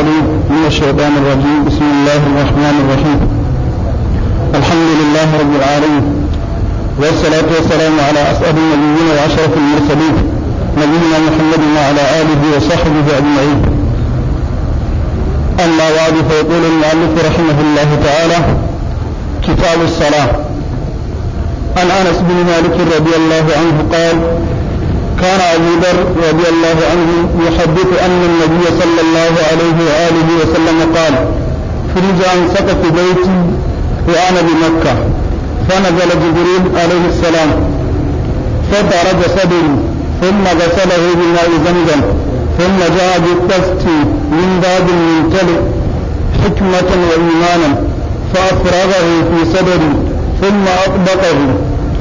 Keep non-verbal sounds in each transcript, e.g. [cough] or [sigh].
العليم من الشيطان الرجيم بسم الله الرحمن الرحيم الحمد لله رب العالمين والصلاة والسلام على أسأل النبيين وأشرف المرسلين نبينا محمد وعلى آله وصحبه أجمعين أما بعد فيقول المؤلف رحمه الله تعالى كتاب الصلاة عن أنس بن مالك رضي الله عنه قال كان أبو ذر رضي الله عنه يحدث أن النبي صلى الله عليه وآله وسلم قال فرج عن سقف بيتي وأنا بمكة فنزل جبريل عليه السلام فطرد صدري ثم غسله بماء زمزم ثم جاء بالتفتي من باب ممتلئ حكمة وإيمانا فأفرغه في صدري ثم أطبقه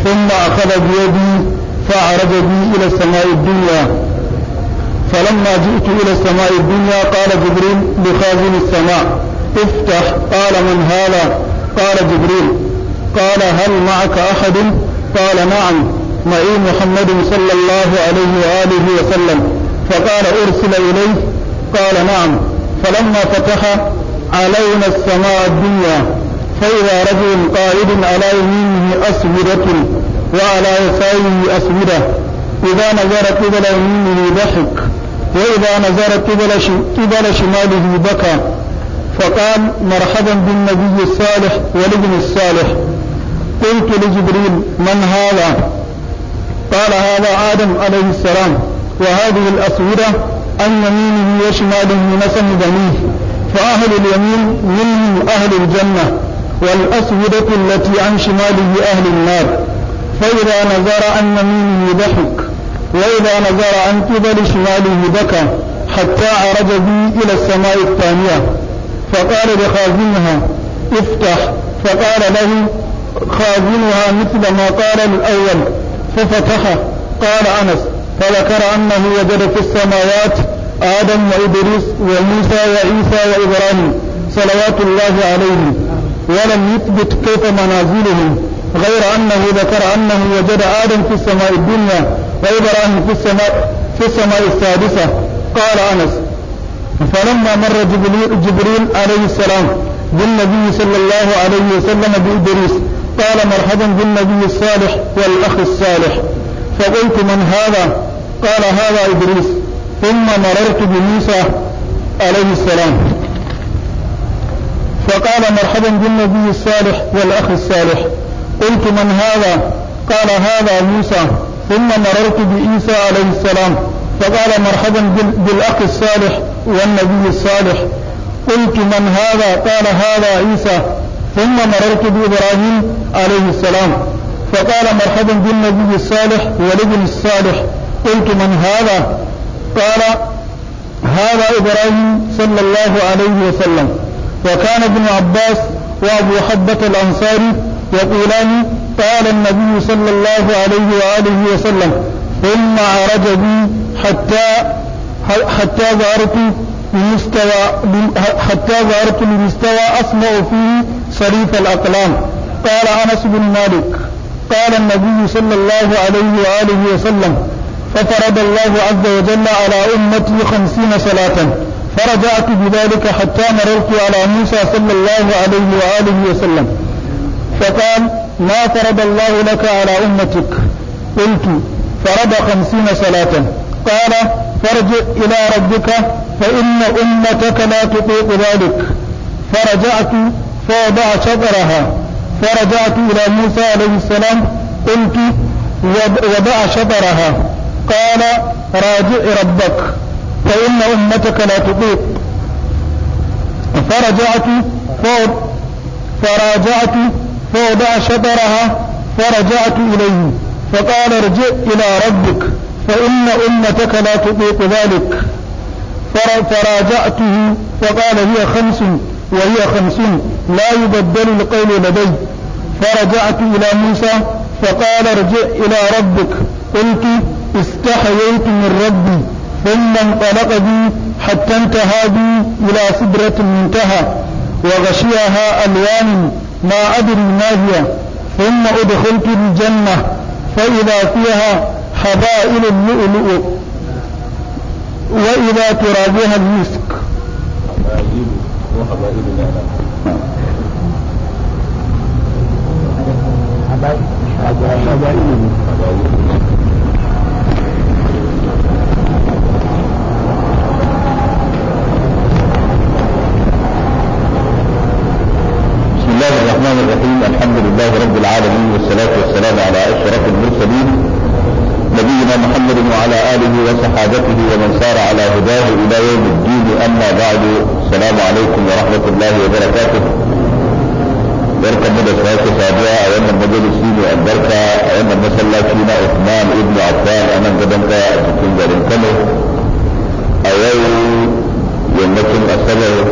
ثم أخذ بيدي فعرج بي إلى السماء الدنيا فلما جئت إلى السماء الدنيا قال جبريل لخازن السماء افتح قال من هذا قال جبريل قال هل معك أحد قال نعم معي محمد صلى الله عليه وآله وسلم فقال أرسل إليه قال نعم فلما فتح علينا السماء الدنيا فإذا رجل قائد على يمينه أسودة وعلى يساره أسودة إذا نظر قبل يمينه ضحك وإذا نظر قبل قبل شماله بكى فقال مرحبا بالنبي الصالح والابن الصالح قلت لجبريل من هذا قال هذا آدم عليه السلام وهذه الأسودة عن يمينه وشماله نسم بنيه فأهل اليمين منهم أهل الجنة والأسودة التي عن شماله أهل النار فإذا نظر أن يمينه ضحك وإذا نظر أن قبل شماله بكى حتى عرج بي إلى السماء الثانية فقال لخازنها افتح فقال له خازنها مثل ما قال الأول ففتح قال أنس فذكر أنه وجد في السماوات آدم وإدريس وموسى وعيسى وإبراهيم صلوات الله عليهم ولم يثبت كيف منازلهم غير أنه ذكر أنه وجد آدم في السماء الدنيا وإبراهيم في السماء في السماء السادسة قال أنس فلما مر جبريل, جبريل عليه السلام بالنبي صلى الله عليه وسلم بإدريس قال مرحبا بالنبي الصالح والأخ الصالح فقلت من هذا قال هذا إدريس ثم مررت بموسى عليه السلام فقال مرحبا بالنبي الصالح والأخ الصالح قلت من هذا قال هذا موسى ثم مررت بعيسى عليه السلام فقال مرحبا بالأخ الصالح والنبي الصالح قلت من هذا قال هذا عيسى ثم مررت بإبراهيم عليه السلام فقال مرحبا بالنبي الصالح والابن الصالح قلت من هذا قال هذا إبراهيم صلى الله عليه وسلم وكان ابن عباس وأبو حبة الأنصاري يقولان قال النبي صلى الله عليه وآله وسلم ثم عرج بي حتى حتى ظهرت لمستوى حتى ظهرت لمستوى أسمع فيه صريف الأقلام قال أنس بن مالك قال النبي صلى الله عليه وآله وسلم ففرض الله عز وجل على أمتي خمسين صلاة فرجعت بذلك حتى مررت على موسى صلى الله عليه وآله وسلم فقال ما فرض الله لك على أمتك قلت فرض خمسين صلاة قال فرجع إلى ربك فإن أمتك لا تطيق ذلك فرجعت فوضع شطرها فرجعت إلى موسى عليه السلام قلت وضع شطرها قال راجع ربك فإن أمتك لا تطيق فرجعت فوضع فراجعت فوضع شطرها فرجعت إليه فقال ارجع إلى ربك فإن أمتك لا تطيق ذلك فراجعته فقال هي خمس وهي خمسون لا يبدل القول لدي فرجعت إلى موسى فقال ارجع إلى ربك قلت استحييت من ربي ثم انطلق بي حتى انتهى بي إلى سدرة المنتهى وغشيها ألوان ما أدري ما هي ثم أدخلت الجنة فإذا فيها حبائل اللؤلؤ وإذا ترابها المسك حبائل ورحمة الله وبركاته بركة مدرسة سابعة أيام المجلس فينا البركة أيام المسلى فينا عثمان ابن عفان أنا انت تكون جارين كمو أيام يومكم السبع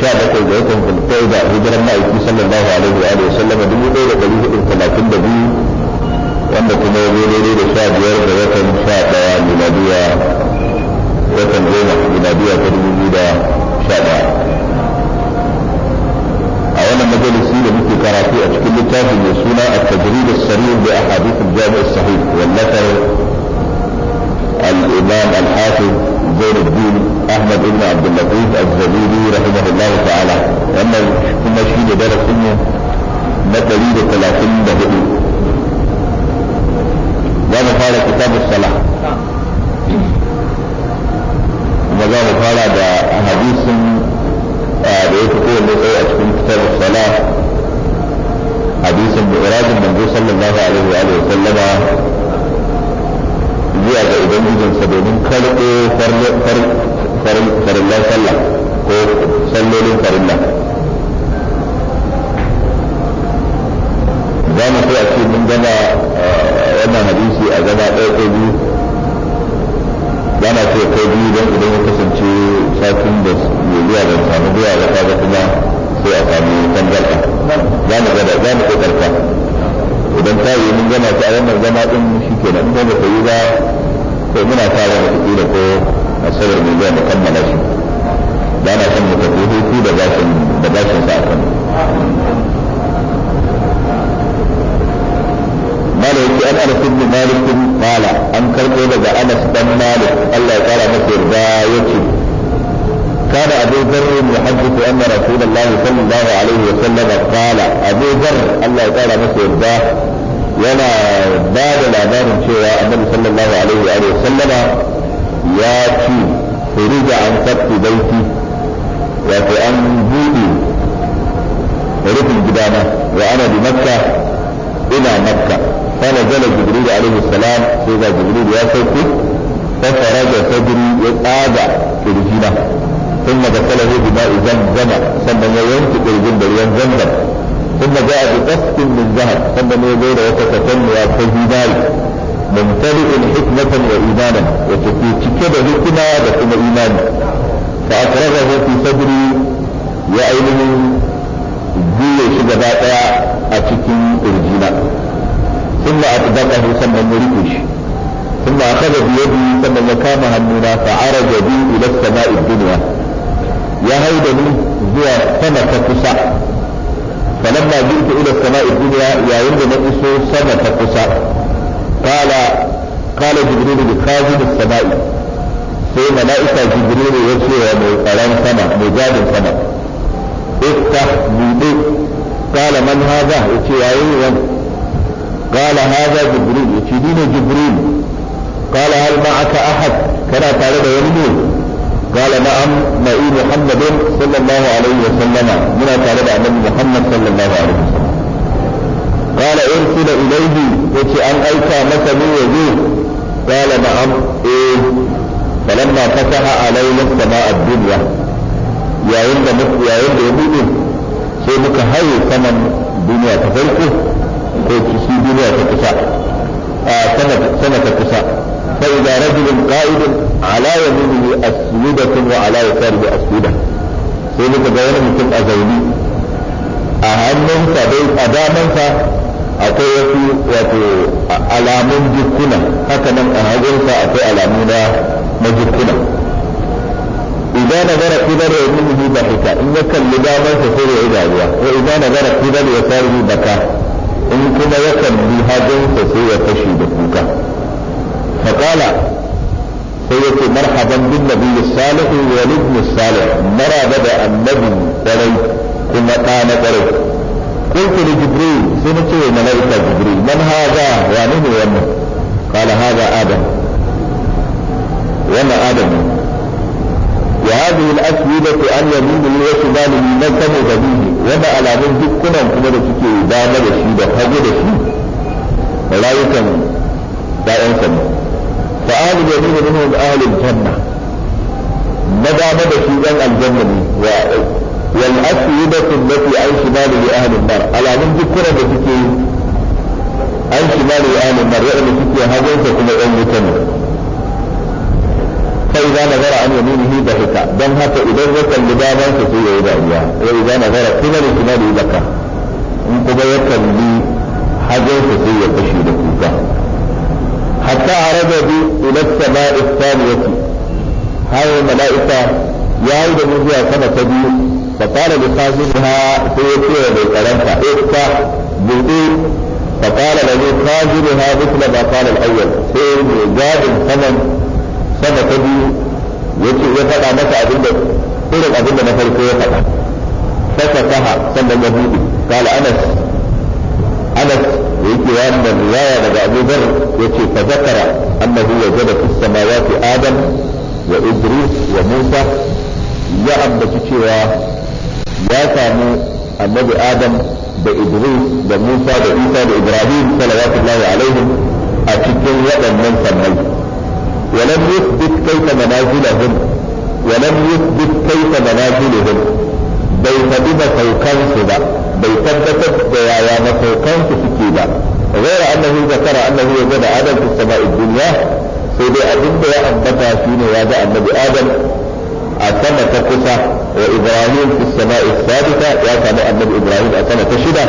شابة جيتهم في القيدة هجر النائك صلى الله عليه وآله وسلم دمي ليلة قليلة الثلاثين دبي وأنا كنا يومي ليلة شابة يارب وكم شابة يا watan goma miladiya ta dubu biyu da sha ɗaya a wannan majalisi da muke karatu a cikin littafi mai suna a tajrid as-sarir bi ahadith al-jami' as-sahih wallafar al-imam al-hafiz زين الدين احمد بن عبد اللطيف الزبيدي رحمه الله تعالى اما كنا شيء درس انه مثلي 34 ده mu fara kitabus salah kuma za mu fara da hadisin eh, da ya fito wanda tsaye a cikin da irajin ga ubangijinsa ko sallolin farilla za so a ce mun gama eh, hadisi a gama ɗaya ba na ce ko biyu don idan ya kasance satin da zuwa da samu zuwa da kaga kuma sai a samu tangarɗa za mu gada za mu kokarta idan ta yi mun gama ta wannan gana din shi ke nan ba ta yi ba ko muna fara da da ko a sabar mai zuwa kammala shi ba na son mu tafi hutu da bashin da bashin sa a kan مالك انس بن مالك قال ان كرتو دغا انس بن مالك الله تعالى ما ذا يكي كان ابو ذر يحدث ان رسول الله صلى الله عليه وسلم قال ابو ذر الله تعالى ما ذا ولا باب الاذان شيء النبي صلى الله عليه واله وسلم ياتي فرج عن سقف بيتي وفي ان بودي رفع وانا بمكه الى مكه فنزل جبريل عليه السلام سيدنا جبريل يا فخرج ففرج صدري في الجنة ثم دخله بماء زمزم ثم ينفق الجندل زمزم ثم جاء بقسط من ذهب ثم يدور وتتسمى كجبال ممتلئ حكمة وإيمانا وتكي تكد حكمة وكما إيمانا فأخرجه في صدري يا أيمن جيش جباتا أتكي الجنة ثم أطبقه ثم مريكش ثم أخذ بيدي ثم مكان همنا فعرج بي إلى السماء الدنيا يا من زوى سمكة كسع فلما جئت إلى السماء الدنيا يا يوم نقص سمكة كسع قال قال جبريل لخازن السماء سيما mala'ika jibrilu جبريل ce wa mai tsaron sama افتح gadin قال من هذا؟ kala قال هذا جبريل يتيدين جبريل قال هل معك أحد كان تعالى يريد قال نعم نعي محمد صلى الله عليه وسلم من تعالى النبي محمد صلى الله عليه وسلم قال ارسل إليه يتي أن أيكا مثل يجوه قال نعم إيه فلما فتح علينا السماء الدنيا يا عند يا عند يبيده سيبك هاي ثمن saman تفلقه ko shi duniya ta kusa sana ta kusa فإذا رجل قائد على يمينه أسودة وعلى يساره أسودة sai muka ga wani mutum a zaune a hannunsa dai a damansa akwai wasu wato alamun jikuna haka nan a hagunsa akwai alamu na na jikuna idan nazara kidar ya yi ba hika in ya kalli damansa sai ya yi dariya wa idan nazara kidar ya sarri baka in kuma ya kalli hajjinsa sai ya fashe da kuka faƙala sai ya ce marhaban bin nabi salihu wa libni salih maraba da annabi ƙwarai kuma ɗa na ƙwarai قلت لجبريل سنة ملائكة جبريل من هذا ومن ومن قال هذا آدم وما آدم وهذه الأسئلة أن يمين الوشمال من كم دليل وما على من ذكنا كما تكي دام رشيد حاجة رشيد ولا يكن لا يكن فآل اليمين منهم أهل الجنة مدى مدى شيئا الجنة والأسئلة التي عن شماله أهل النار على من ذكنا تكي عن شماله أهل النار يعني تكي هذا كما أن يكمل فإذا نظر عن يمينه بهك دم حتى إذا ذكر لبابا فسوء إلى إياه وإذا نظر كما شماله بكى إن قبل يكلي حجر فسوء تشيد فيك حتى عرض بي إلى السماء الثانية هاي الملائكة يعيد من فيها سنة تبي فقال لخازنها سيكون بالكلام افتح بطيء فقال لذي خازنها مثل ما قال الأول سيكون جاد ثمن sama ta biyu ya ce ya faɗa masa abin da irin abin da na farko ya faɗa fasa ha sannan ya buɗe kala anas anas da yake wannan riwaya daga abubuwar ya ce fa zakara annahu wajada fis samawati adam wa idris wa musa ya ambaci cewa ya samu annabi adam da idris da musa da isa da ibrahim salawatullahi alaihim a cikin waɗannan sannan ولم يثبت كيف منازلهم ولم يثبت كيف منازلهم bai faɗi فوقان ba bai tabbatar da yaya masaukansu غير أنه ذكر أنه وجد آدم في السماء الدنيا سيدي ادم يا أبتا فينا يا النبي آدم أسمى تكسى وإبراهيم في السماء السادسة يا سماء النبي إبراهيم أسمى تشدة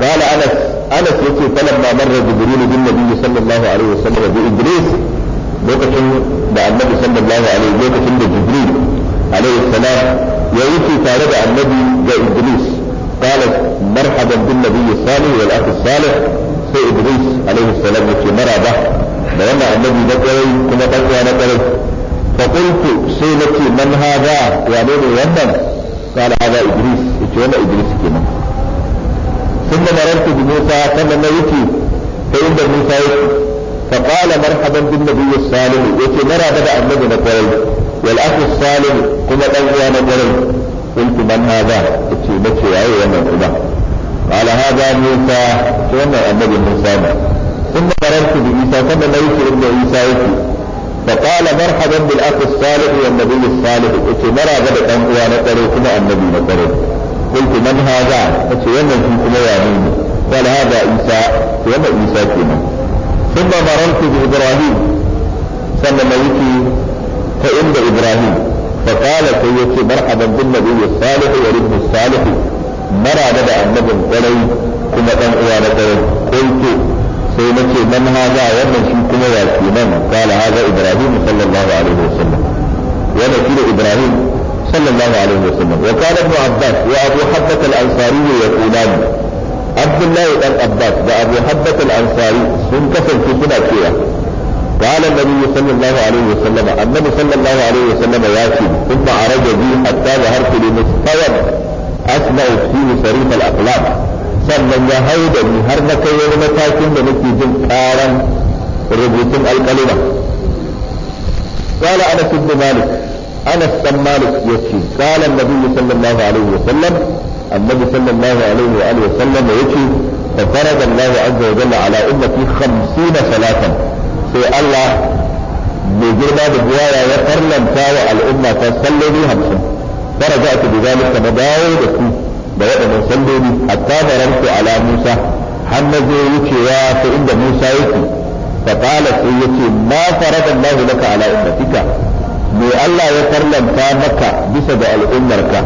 قال أنس أنس يتي فلما مر جبريل بالنبي صلى الله عليه وسلم بإدريس lokacin da annabi sallallahu alaihi lokacin da jibril alaihi salam ya wuce tare da annabi ga idris قال مرحبا بالنبي الصالح والاخ الصالح سي ادريس عليه السلام يقول مرحبا لان النبي ذكري كما تقوى نقري فقلت سيلتي من هذا يعني ومن قال هذا ادريس يقول ادريس كما ثم مررت بموسى ثم نوتي فإن موسى يقول فقال مرحبا بالنبي الصالح يتي مرى بدا النبي نقول والاخ الصالح كما يا نقري قلت من هذا يتي بكي اي وانا كما قال هذا موسى وانا النبي موسى ثم مررت بعيسى ثم لقيت ابن عيسى يتي فقال مرحبا بالاخ الصالح والنبي الصالح يتي مرى بدا النبي نقول كما النبي نقول قلت من هذا يتي وانا كما يا قال هذا عيسى وانا عيسى كما ثم مررت بإبراهيم سلم ملكي فإن إبراهيم فقال سيدي مرحبا بالنبي الصالح والابن الصالح مرى بدا النبي القري كما كان إلى قلت سيدي من هذا ومن شيكم يا قال هذا إبراهيم صلى الله عليه وسلم وأنا إبراهيم صلى الله عليه وسلم وقال ابن عباس وأبو حبة الأنصاري يقولان عبد الله بن عباس وابو حبة الانصاري منتصر في كل اشياء قال النبي صلى الله عليه وسلم النبي صلى الله عليه وسلم ياتي ثم عرج بي حتى ظهرت لمستوى اسمع فيه صريف الاقلام sannan ya hau da ni har na kai wani matakin da nake jin karan rubutun alkalima. Kala أنس بن مالك يكي قال النبي صلى الله عليه وسلم النبي صلى الله عليه وآله وسلم يكي ففرض الله عز وجل على أمتي خمسين صلاة في الله بجرما بجوايا يفرلم تاوى الأمة تصلي بي همسا فرجعت بذلك مداوي بكي بوضع من صلي حتى مرمت على موسى حمد يكي فإن موسى يكي فقالت يكي ما فرض الله لك على أمتك me Allah ya farlanta maka bisa da al'ummarka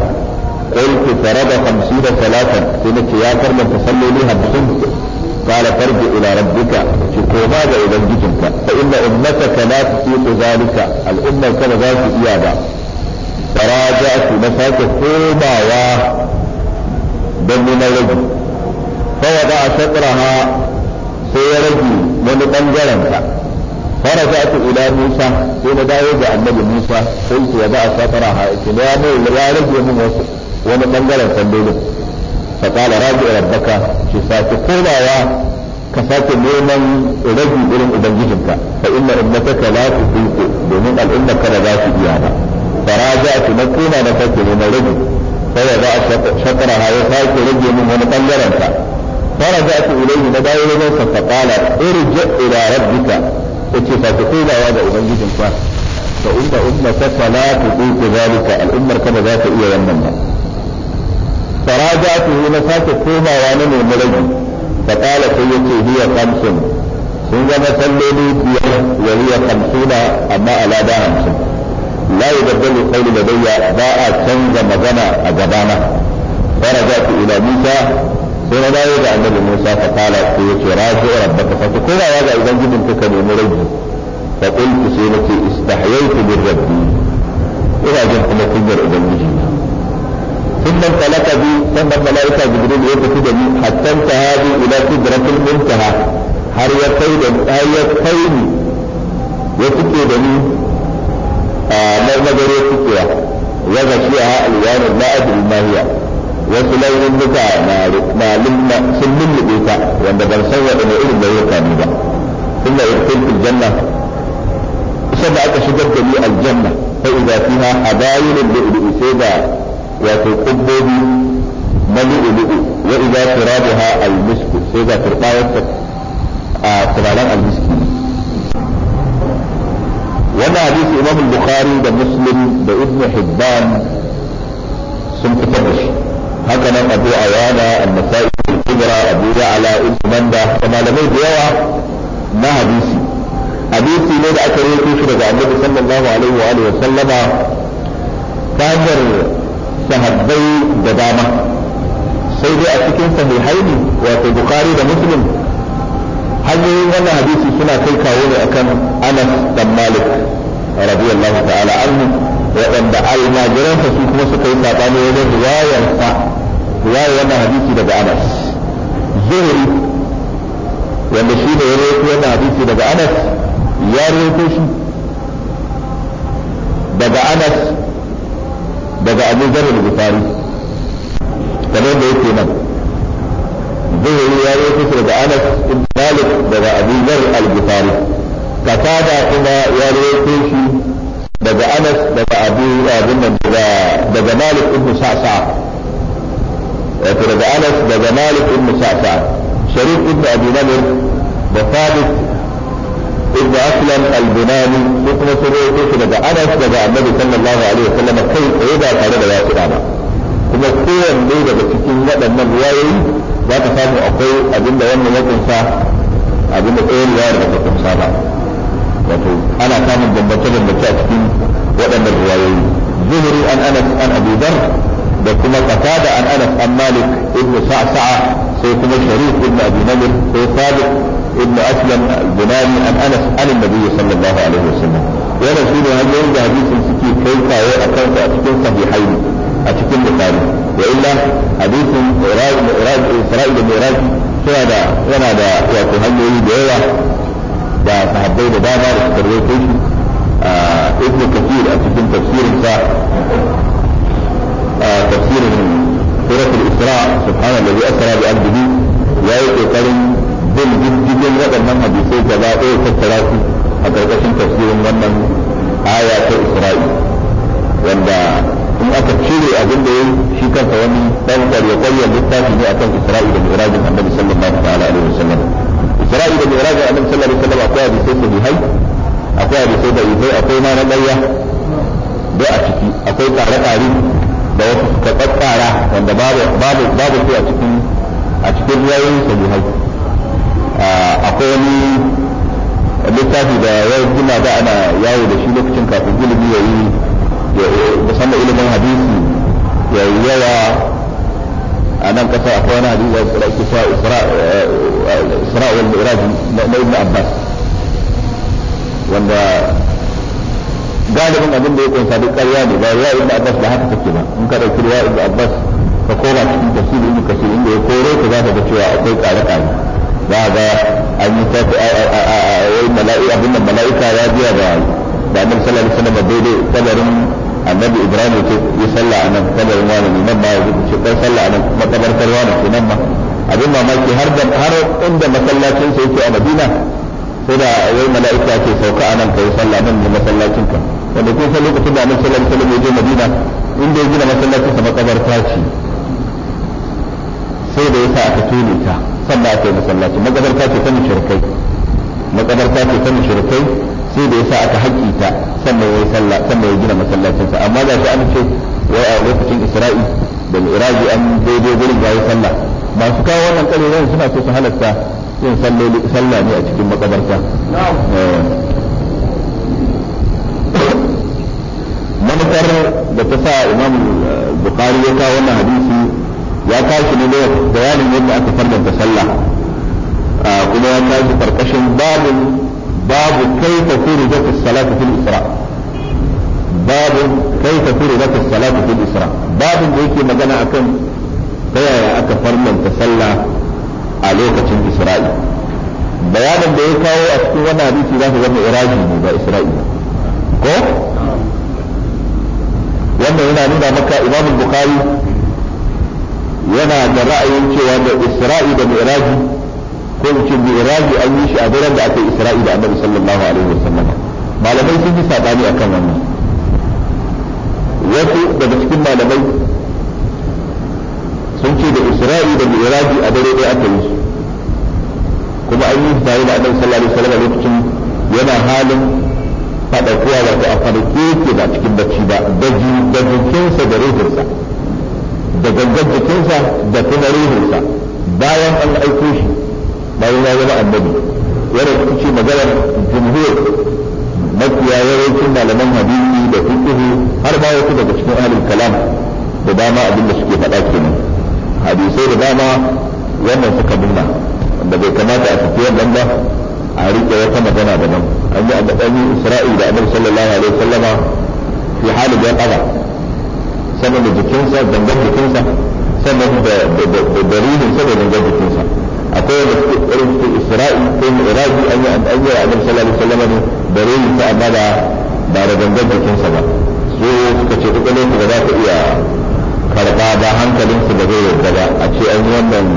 qultu farada 50 salatan sai nace ya farlanta salloli 50 qala farji ila rabbika ki koma ga ubangijinka fa inna ummataka la tusiqu zalika al'ummarka ba za su iya ba faraja'tu na sake komawa don nuna rage fa wada shatraha sai ya rage wani bangarenka. فرجعت إلى موسى حين داود النبي موسى قلت وضعت فترها يا مول يا رجل من ومقنقرا سلوله فقال راجع ربك شفاك قولا كفاك نوما رجل إلى أبنجهمك فإن ابنتك لا تطيق بمن انك لا ديانا فراجعت نكونا نفاك نوما رجل فوضع شطرها وفاك رجل من ومقنقرا فرجعت إليه نداوي فقال ارجع إلى ربك yace ba ku komawa ga ubangijin fa fa inna ummata fala tuqiqu zalika al'ummar ka ba za ta iya wannan ba farajatu na sake komawa na ne murabi fa qala sai yace hiya khamsun sun zama salloli biyar wa hiya khamsuna amma ala da hamsin la yubaddalu qawli ladayya ba a canza magana a gabana farajatu ila musa sai na dawo ga annabi Musa fa kala sai yace raji rabbaka fa kuma ya ga ubangijin ka ka nemi raji fa qultu sai nace istahyaytu bi rabbi ina jin kuma kunyar ubangiji ثم انطلق بي ثم الملائكة جبريل يقف بي حتى انتهى بي إلى سدرة المنتهى هل يقيد هل يقيد يفكي بني آه ما نجري يفكيها وغشيها الوان لا أدري ما هي wasu launuka na sun lullube ta wanda ban san waɗanda irin da yau kami ba kuma irkin janna sannan aka shigar da ni aljanna fa idza fiha abayinun lu'lu'i sai da wato kubbobi na lu'lu'i wa idza turabuha al-misk sai da turbayar ta a turaren al-misk wannan hadisi imam al-bukhari da muslim da ibn hibban sun fitar da shi haka nan abu awana annasai kubra abu ya'la ibn manda da malamai da yawa na hadisi hadisi ne da aka rubuto shi daga annabi sallallahu alaihi wa alihi sallama ta hanyar sahabbai da dama sai dai a cikin sahihaini wato bukhari da muslim hanyoyin wannan hadisi suna kai kawo ne akan anas dan malik radiyallahu ta'ala anhu waɗanda almajiransa su kuma suka yi saɓani wajen riwayarsa riwayar wannan hadisi daga anas zuhri wanda shi da ya rawaito wannan hadisi daga anas ya rawaito shi daga anas daga abu zar al-bukhari kamar da yake nan zuhri ya rawaito shi daga anas ibn malik daga abu zar al-bukhari kakada kuma ya rawaito shi daga anas daga abu abin nan daga daga malik ibn sa'sa wato daga anas daga malik ibn sa'sa sharif ibn abi namir da thabit ibn aslam al-bunani ko kuma sun rawaito shi daga anas daga annabi sallallahu alaihi wasallam kai tsaye ba tare da wasu ba kuma kowanne daga cikin waɗannan riwayoyi za ka samu akwai abinda wannan ya kunsa abinda tsayin riwayar da ta kunsa ba wato ana samun bambance bambance a cikin waɗannan riwayoyi zuhri an anas an abu dar da kuma qatada an anas an malik ibnu sa'sa'a sai kuma sharif ibnu abi namir sai sabit ibnu aslam al-bunani an anas an annabi sallallahu alaihi wasallam yana shi ne hanyoyin da hadisin suke kai kawo a kansa a cikin sahihai a cikin bukhari wa illa hadisin isra'il da miraji suna da yana da wato hanyoyi da yawa da sahabbai da dama da suka rawaito shi ibn kathir a cikin tafsirin sa tafsirin surat al-isra subhana allazi asra bi abdihi yayi kokarin bin diddigin waɗannan hadisai gaba ɗaya tattara su a ƙarƙashin tafsirin wannan aya ta isra'i wanda in aka cire abin da yayi shi kansa wani dan kwariya kwariya littafi ne akan Isra'i da Mi'rajin Annabi sallallahu ta'ala alaihi wasallam Isra'i da Mi'rajin Annabi sallallahu alaihi wasallam akwai hadisai sahihai akwai hadisai da ifai akwai ma na ƙarya da a ciki akwai tsare-tsare da wasu suka tsatsara wanda babu babu babu a cikin a cikin riwayoyin sahihai akwai wani littafi da ya jima da ana yawo da shi lokacin kafin gulubi yayi musamman ilimin hadisi ya yi yawa a nan kasa akwai wani hadisi da ake sa isra wal mi'raj na ibn abbas wanda galibin abin da ya kunsa duk ƙarya ne ba ya ibn abbas ba haka take ba in ka dauki ya ibn abbas ka koma cikin tafsirin ibn kasir inda ya kore ka za ka ga cewa akwai ƙare-ƙare za ga an yi ta a yayin mala'ika abin da mala'ika ya biya da da annabi sallallahu alaihi wasallam daidai kabarin annabi ibrahim ya yi sallah a nan kabar wani nan ma ya ce kai sallah a nan makabartar wani ke nan ma abin mamaki har da har inda masallacin sa yake a madina sai da wai mala'ika ce sauka a nan kai sallah nan ne masallacin ka wanda kun san lokacin da annabi sallallahu alaihi wasallam ya je madina inda ya gina masallacin sa makabarta ce sai da yasa aka tone ta sannan aka yi masallaci makabarta ce ta mushrikai makabarta ce ta mushrikai sai da yasa sa aka haƙƙita sannan ya yi sallah sannan ya gina masallacinsa amma da shi an ce wai a lokacin isra'i da iraji an daidai gurin ya yi sallah masu kawo wannan ƙarerai suna so su halasta yin sallah ne a cikin makabarta eh. manufar da ta sa imam bukari ya kawo wannan hadisi ya kashi ne da bayanin yadda aka farlanta sallah ah, kuma ya kashi karkashin babin babu kaifa furidat as-salatu fil isra babu kaifa furidat as-salatu fil isra babin da yake magana akan ta yaya aka farlanta sallah a lokacin isra'i bayanin da ya kawo a cikin wannan hadisi za ka zama iraji ne ba ko wanda yana nuna maka imam bukhari yana da ra'ayin cewa da isra'i da mi'raji ko mu ce mi'raji an yi shi a daren da aka yi isra'i da annabi sallallahu alaihi sallam malamai sun yi sabani akan wannan wasu daga cikin malamai sun ce da isra'i da mi'raji a dare ɗaya aka yi su kuma an yi da annabi sallallahu alaihi wasallam lokacin yana halin fadakuwa wato a farke yake ba cikin bacci ba da jikinsa da ruhinsa da gangan jikinsa da kuma ruhinsa bayan an aiko shi bayan ya zama annabi yana ce maganar jumhur mafiya yawancin malaman hadisi da fiqhu har ba wasu daga cikin ahlul kalam da dama abinda suke faɗa kenan hadisai da dama wannan suka nuna wanda bai kamata a tafi wannan ba a rike wata magana daban an yi a isra'i da annabi sallallahu alaihi wasallama fi halin ya ƙaba da jikinsa gangan jikinsa sannan da da da da da da da akwai wanda suke tsarin su isra'i ko mi'raji an yi an a annabi sallallahu alaihi wasallam da rayu ta amma da ba da gangan jikinsa ba su suka ce duk lokacin da za ka iya karba ba hankalin su da zai yarda ba a ce an yi wannan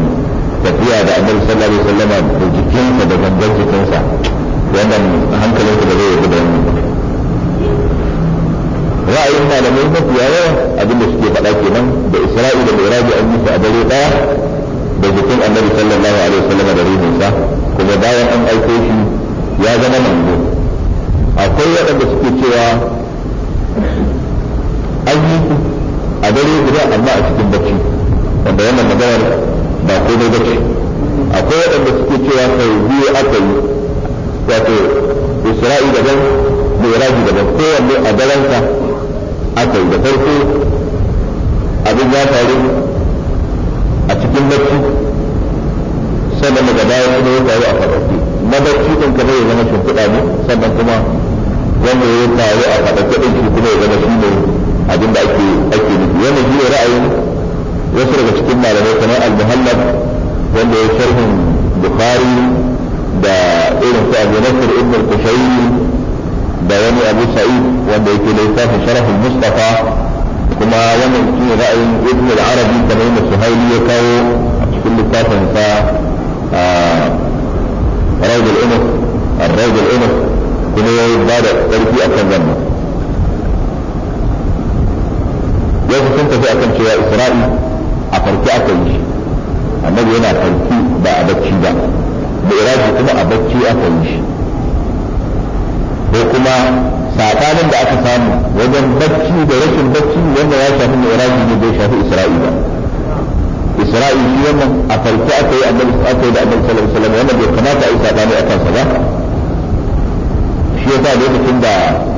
tafiya da annabi sallallahu alaihi wasallam da jikinsa da gangan jikinsa wannan su da zai yarda da wannan ra'ayin malamai mafiya yawa abinda suke faɗa kenan da isra'i da mi'raji an yi su a dare ɗaya da jikin annabi sallallahu alaihi wasallam da ruhinsa kuma bayan an aiko shi ya zama manzo akwai waɗanda suke cewa an yi a dare guda amma a cikin bacci wanda wannan magana ba komai bace akwai waɗanda suke cewa kai biyu aka yi wato isra'i daban da iraji daban kowanne a daransa aka yi da farko abin ya faru a cikin bacci sannan daga baya kuma ya taru a farauti na bacci din kamar ya zama shimfiɗa ne sannan kuma wanda ya taru a farauti ɗin shi kuma ya zama shi ne abin da ake ake nufi wannan shi ne ra'ayin wasu daga cikin malamai kamar al-muhallab wanda ya sharhin bukhari da irin su abu nasir ibn al-kushairi da wani abu sa'id wanda yake laifafin littafin mustapha كما ومن في رأي ابن العربي تنين السهيلي يكاو كل التاسع نساء رايد الامس رايد الامس كما يبادع تلك أكثر جنة يوسف كنت في أكثر شيء إسرائيل أفرتي أكثر شيء أما يوانا أفرتي بأبتشي بأبتشي بأبتشي أكثر شيء ko kuma sabanin da aka samu wajen bacci da rashin bacci wanda ya shafi miraji ne bai shafi isra'ila isra'ila shi wannan a farko aka yi annabi aka yi da annabi sallallahu alaihi wasallam wanda bai kamata a yi sabani a kansa ba shi yasa lokacin da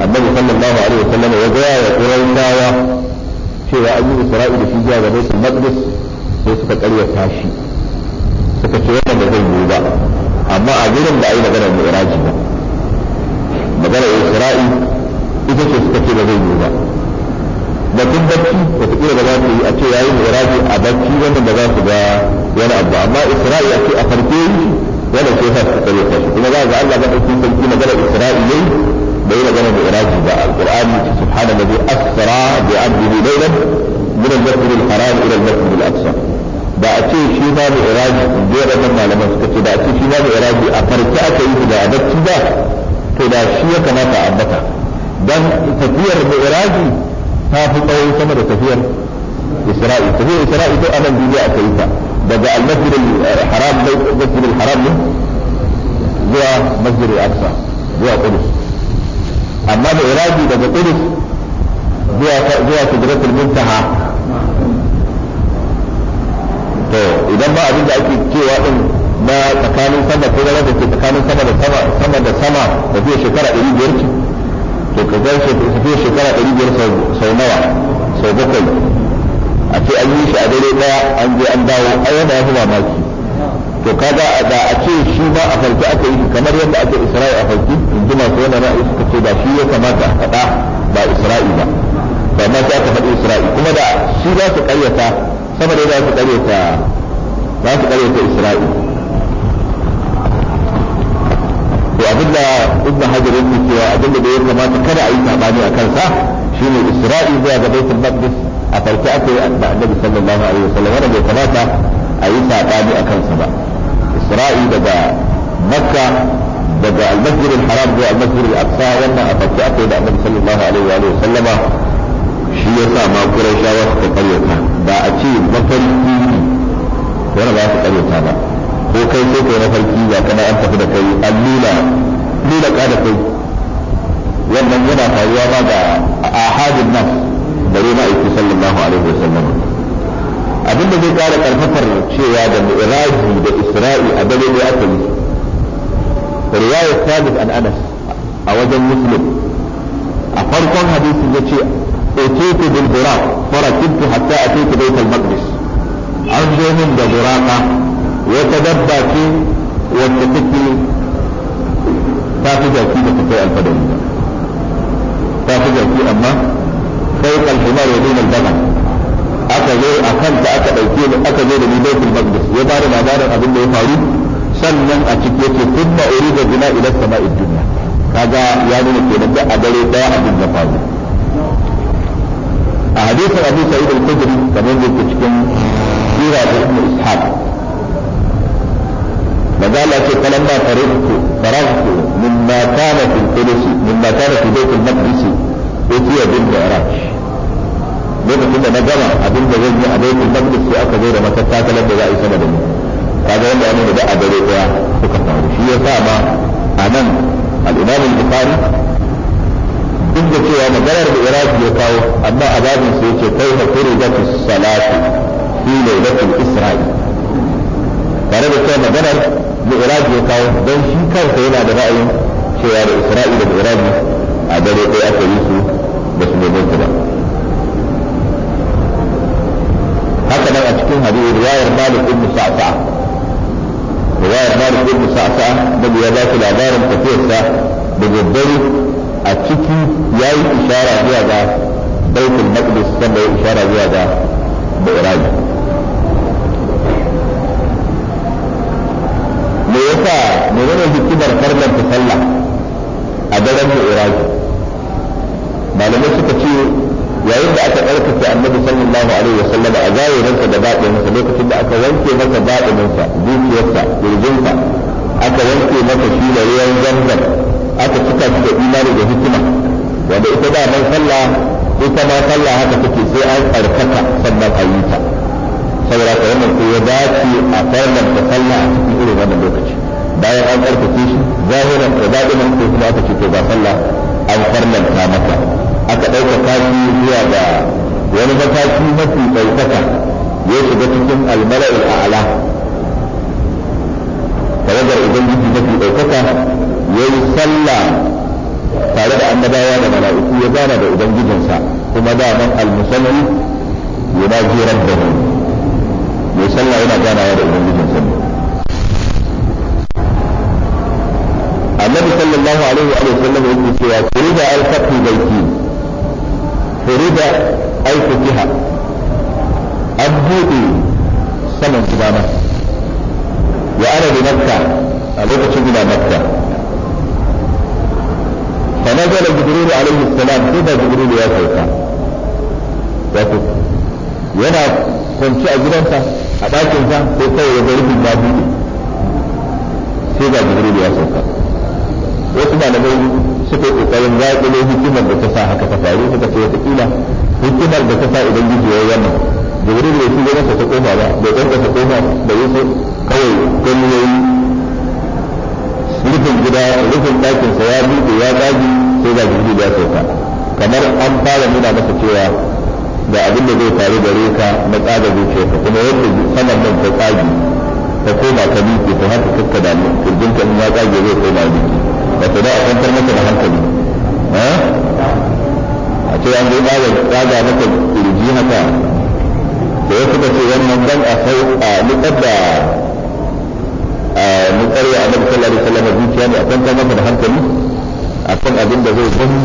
annabi sallallahu alaihi wasallam ya ga ya quraishawa cewa an yi isra'ila shi zuwa ga baitul maqdis sai suka karyata shi suka ce wannan ba zai yiwu ba amma a gurin da a yi maganar miraji ba magana isra'i ita ce suka ce ba zai yi ba batun bacci wataƙila ba za su yi a ce yayin irabi a bacci wanda ba za su ga wani abu amma isra'i a ce a farko yi wannan sai sa su tsare ta shi kuma za ga Allah madaukakin sarki magana isra'i yayi bai magana da irabi ba alqur'ani subhanallazi asra bi 'abdihi laylan من المسجد الحرام الى المسجد الاقصى ba a ce shi ba da iraji in je da nan malaman suka ce ba a ce shi ba da iraji a farce aka yi da abacci ba to da shi ya kamata a ambata dan tafiyar mi'raji ta fi tsawo sama da tafiyar isra'i tafiyar isra'i ta anan duniya aka yi ta daga al-masjid al-haram masjid al-haram ne zuwa masjid al-aqsa zuwa qudus amma mi'raji daga qudus zuwa zuwa sidratul muntaha to idan ba abin da ake cewa din na tsakanin sama ko da ke tsakanin sama da sama sama da sama da zai shekara ɗari biyar ce to ka ga tafiya shekara ɗari biyar sau nawa sau bakwai a ce an yi shi a dare ɗaya an je an dawo a yana yafi mamaki to kaga da a ce shi ba a farki aka yi kamar yadda ake isra'i a farki in ji masu wani ra'ayi suka ce ba shi ya kamata a faɗa ba isra'i ba ba ma sai aka faɗi isra'i kuma da shi za su ƙaryata sama da za su ƙaryata za su ƙaryata isra'i abinda ibn hajar yake cewa abinda da ya kamata kada a yi sabani a kansa shine isra'i zuwa ga baitul maqdis a farko aka yi da annabi sallallahu alaihi wasallam wanda bai kamata a yi sabani a kansa ba isra'i daga makka daga al-masjid al-haram zuwa al-masjid al-aqsa wannan a farko aka yi da annabi sallallahu alaihi wa sallama shi ya sa ma qurayshawa suka karyata ba a ce mafarki ne wanda ba su karyata ba ko kai sai kai mafarki ga kana an tafi da kai an nuna nuna ka da kai wannan yana faruwa ba da ahadin nan bare ma aiki sallallahu alaihi wasallam abinda zai kara karfafar cewa da mi'raji da isra'i a dare ne aka yi riwayar sabit an anas a wajen muslim a farkon hadisi ya ce أتيت بالبراق فركبت حتى أتيت بيت المقدس أنجو من براقة wata dabba ce wanda take ta fi jaki da ta kai alfadari ba ta fi jaki amma sai kalhimar ya nuna zama aka zo a kanta aka ɗauke ni aka zo da ni baitul maqdis ya bada labarin abin da ya faru sannan a ciki yake kuma urida bina ila sama'id dunya kaga ya nuna kenan da a dare daya abin ya faru a hadisin abu sa'id al-khudri kamar da ke cikin sura da ibn ishaq فقال أشياء فلما فرغت فرغت مما كان في القدس مما كان في بيت المقدس أتي بالمعراج لما كنا نجمع أبن بغيرني أبيت المقدس في أكا غير مكتا كلم بغائي سمدني فقال أنه أنه بقى بغيرك يا فكرة هي فاما أمن الإمام البخاري duk da cewa maganar da iraki ya kawo amma a babin sai ya ce kai hakuri da fi salatu fi ne tare da kai maganar da iraki ya kawo don shi kansa yana da ra'ayin cewa da isra'ila da iraki a dare ɗaya aka yi su da su neman ba haka nan a cikin hadisi riwayar malik ibn sa'sa riwayar malik ibn sa'sa da ya ba su labarin tafiyarsa da gobbari a ciki ya yi ishara zuwa ga baitul maqdis sannan ya ishara zuwa ga da iraki me yasa menene hikimar farlan ta sallah a daren mi'raj malamai suka ce yayin da aka ɗaukaka annabi sallallahu alaihi wa sallam a sa da baɗinsa lokacin da aka wanke masa sa zuciyarsa ƙirjinsa aka wanke masa shi da ruwan zamzam aka cika shi da imani da hikima wanda ita da man sallah ita ma sallah haka take sai an tsarkaka sannan a saboda ka wannan ko ya dace a farnar da sallah a cikin irin wannan lokaci bayan an karfafe shi zahiran ko zaɓi nan ko kuma aka ce ko ba sallah an farnar ta masa aka ɗauka kashi zuwa ga wani mataki mafi ɗaukaka ya shiga cikin almala'il a'ala tawagar ubangiji mafi ɗaukaka ya yi sallah tare da annabawa da mala'iku ya gana da ubangijinsa kuma da man al-musalli da mu. mai sallah yana ganawa da ubangijin sa annabi sallallahu alaihi wa sallam yake cewa furida al-fathu baiti furida al-fatiha an buɗe saman gidana wa ana bi makka a lokacin gida makka fa nazala jibril alaihi salam sai da jibril ya sauka wato yana kwanci a gidansa a ɗakinsa ko kawai ya zarafin ba buɗe sai ga jibril ya sauka wasu malamai suka yi ƙoƙarin zaƙilo hikimar da ta sa haka ta faru suka ce wataƙila hikimar da ta sa idan gijiyar wannan jibril ya ci gidansa ta koma ba bai ta koma da yi kawai gani ya yi rufin gida rufin ɗakinsa ya buɗe ya gaji sai ga jibril ya sauka kamar an fara nuna masa cewa da abin da zai faru gare ka na tsada zuciya zuciyarka kuma yadda saman nan ta tsagi ta koma ka miƙe ta haka kakka da mu kirjinka in ya tsage zai koma miƙe ta da a kwantar maka da hankali a ce an zai tsaga tsaga maka kirji haka da ya suka ce wannan dan a sau a nukar da a nukar ya annabi sallallahu alaihi zuciya ne a kwantar maka da hankali kan abin da zai gani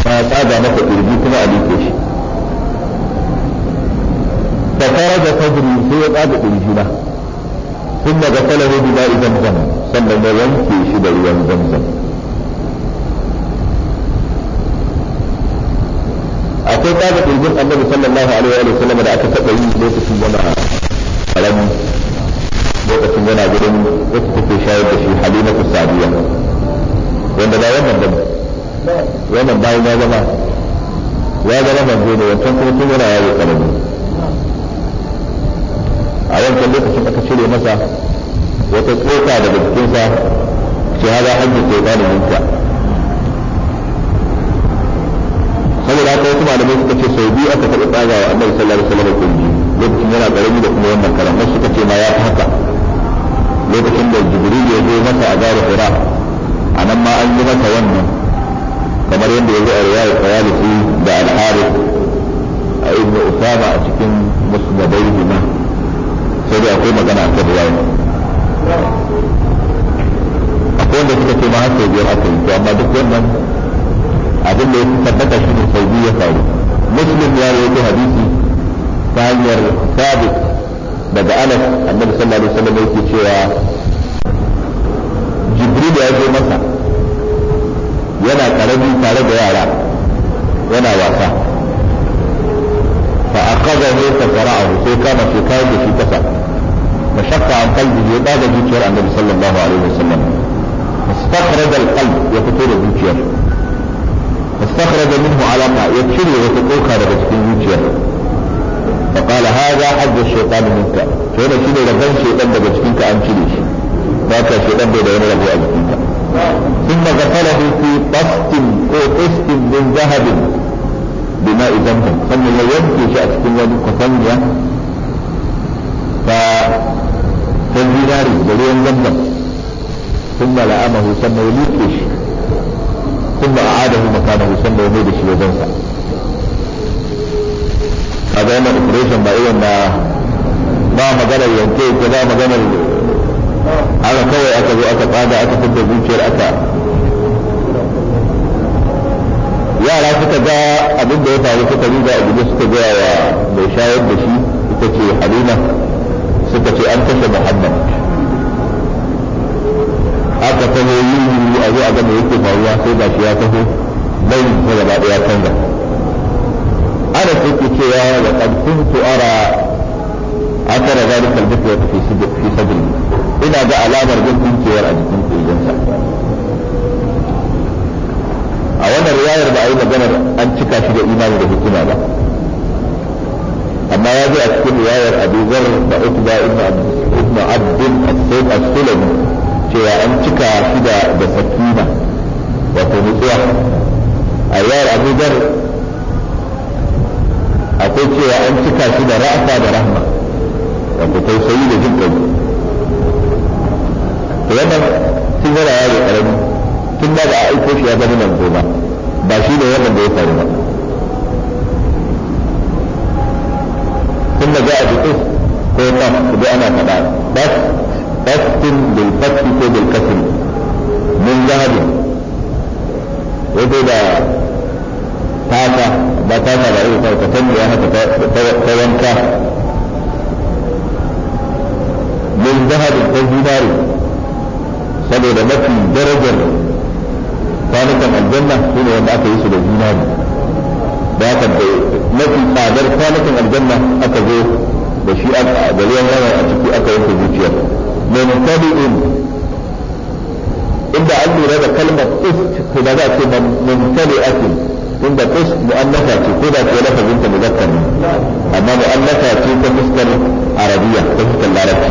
ba tsaga maka kirji kuma a miƙe shi fa da sadri sai ya tsaga kirji na thumma ghasalahu bi ma'i zamzam sannan ya wanke shi da ruwan zamzam akwai tsaga kirjin annabi sallallahu alaihi wa sallam da aka taɓa yi lokacin yana karami lokacin yana gurin wacce take shayar da shi halimatu sadiya wanda ba wannan ba wannan bayan ya zama ya zama manzo ne wancan kuma yana yaro karami a wancan lokacin aka cire masa wata tsoka daga jikinsa ce hada hajji ke gane yanka saboda haka wasu malamai suka ce sau biyu aka taɓa tsaga wa annabi sallallahu alaihi wasallam kulli lokacin yana karami da kuma wannan karam wasu suka ce ma ya fi haka lokacin da jibril ya zo masa a gari hira a nan ma an yi masa wannan kamar yadda ya zo a riwayar tsayalisi da al'arif a ibnu usama a cikin musnadai ma sai dai akwai magana akan ruwayan akwai wanda suka ce ma har biyar aka yi to amma duk wannan abin da ya fi tabbata shi ne sau biyu ya faru muslim ya rawaito hadisi ta hanyar sabit daga anas annabi sallallahu alaihi wasallam yake cewa jibril ya zo masa yana karabi tare da yara yana wasa فأخذه فقرأه في كان في قلبه في كفا فشق عن قلبه بعد ذكر النبي صلى الله عليه وسلم استخرج القلب يفتور ذكر استخرج منه علامة يكشري وتقوك رجسك ذكر فقال هذا حج الشيطان منك فهنا شيء لغن شيطان بجسكك أن تشريش ذاك شيطان بيدعون له أجسكك ثم غسله في قسط أو قسط من ذهب بماء زمزم sannan ya yanke shi a cikin wani kwatanniya ta ta zinari da ruwan zamzam ثم لعمه ثم يلوكش ثم أعاده مكانه ثم يميدش وجنسه هذا أنا operation ba irin na ba maganar yanke ko ba maganar ana kawai aka zo aka tsada aka fitar zuciyar aka yara suka ga abin da ya faru suka riga a guje suka gaya wa mai shayar da shi suka ce halima suka ce an kashe muhammad aka taho yi a zo a gama yake faruwa sai ga shi ya kaso bai ta gaba daya canza ana suke cewa da ƙarfin a aka raga da kalbi fi sabili ina ga alamar gudun cewar a jikin koyansa a wannan riwayar ba a yi maganar an cika shi da imani da hikima ba amma ya zo a cikin riwayar abu zar da utba ibn abdin as-sulami cewa an cika shi da da sakina wato mutuwa a riwayar abu zar akwai cewa an cika shi da ra'asa da rahma wato tausayi da jin to wannan tun yana yaro karami tun da ba a aiko shi ya zama manzo ba ba shi ne wannan da ya faru ba a ko ثم جاء بقس كوكا بأنا فبعد ko بس بالفتح بالكسر من wato da tata ba tata ba irin ta ta ya haka ta wanka mafi tsadar kwanakin aljanna aka zo da shi aka da ruwan rana a ciki aka yanke zuciyar in inda an lura da kalmar ist to da za a ce mumtadi'atin inda ist mu'annafa ce ko da ke lafazin ta muzakkar amma mu'annafa ce ta fuskar arabiya ta fuskar larabci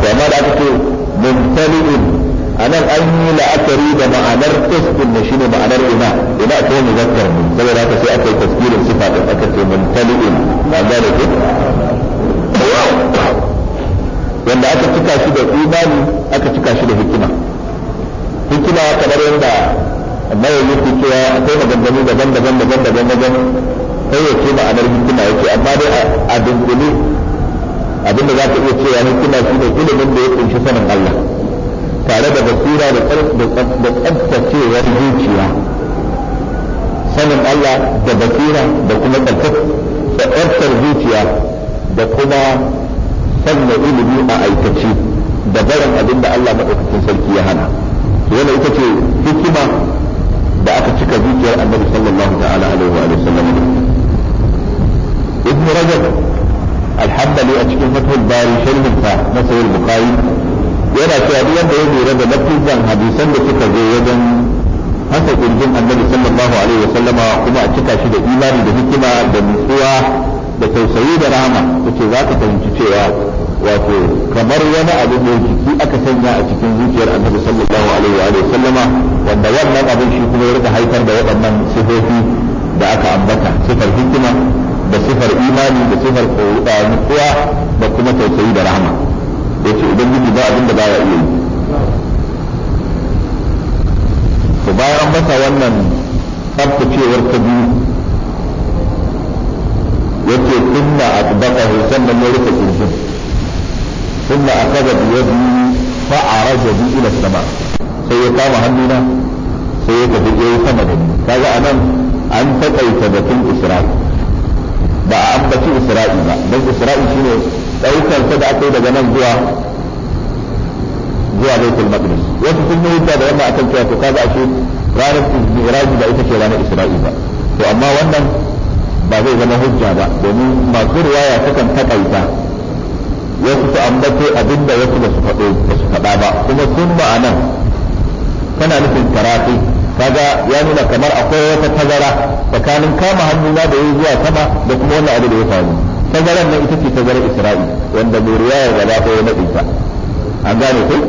to amma da aka ce in. anan an yi la'akari da ma'anar tasbin da shine ma'anar ina ina ko muzakkar ne saboda haka sai aka yi tasbirin sifa da aka ce muntali'in ba ga da wanda aka cika shi da imani aka cika shi da hikima hikima kamar yadda amma yanzu cewa akwai maganganu daban-daban daban-daban daban wajen kayyace ma'anar hikima yake amma dai a dunkule abinda za ka iya cewa hikima shi ne ilimin da ya kunshi sanin Allah tare da basira da tsabtacewar zuciya sanin Allah da basira da kuma tsabtacewar zuciya da kuma sanya ilimi a aikace da barin abin da Allah maɗaukakin sarki ya hana yana ita ce hikima da aka cika zuciyar annabi sallallahu ta'ala alaihi wa sallam ibn rajab alhamdulillah a cikin fatul bari sharhin sa na sahih bukhari yana cewa duk wanda ya lura da lafizan hadisan da suka zo wajen haka kirjin annabi sallallahu alaihi wa sallama kuma a cika shi da imani da hikima da nutsuwa da tausayi da rahama yace za ka fahimci cewa wato kamar wani abu mai jiki aka sanya a cikin zuciyar annabi sallallahu alaihi wa sallama wanda wannan abin shi kuma ya rika haifar da waɗannan sifofi da aka ambata sifar hikima da sifar imani da sifar nutsuwa da kuma tausayi da rahama yace ubangiji ba abin da baya iya yi to bayan masa wannan tsabtacewar ta biyu yace kunna atbaqahu sannan ya rufe kirjin kunna akaza biyu yadi fa araja bi ila sama sai ya kama hannuna sai ya tafi ya sama da ni kaga anan an takaita batun isra'i ba a ambaci isra'i ba don isra'i shine daukar ta da aka yi daga nan zuwa zuwa baitul maqdis wasu sun yi da wanda akan cewa to kaga ashe ranar mi'raj ba ita ce ranar isra'i ba to amma wannan ba zai zama hujja ba domin masu riwaya takan takaita wasu su ambato abinda wasu ba su faɗa ba kuma sun ma'anan tana nufin tarafi kaga ya nuna kamar akwai wata tazara tsakanin kama hannuna da yi zuwa sama da kuma wannan abu da ya faru tazaran nan ita ce tazarar isra'i wanda mai riwayar gaba ta ya naɗe ta an gane kai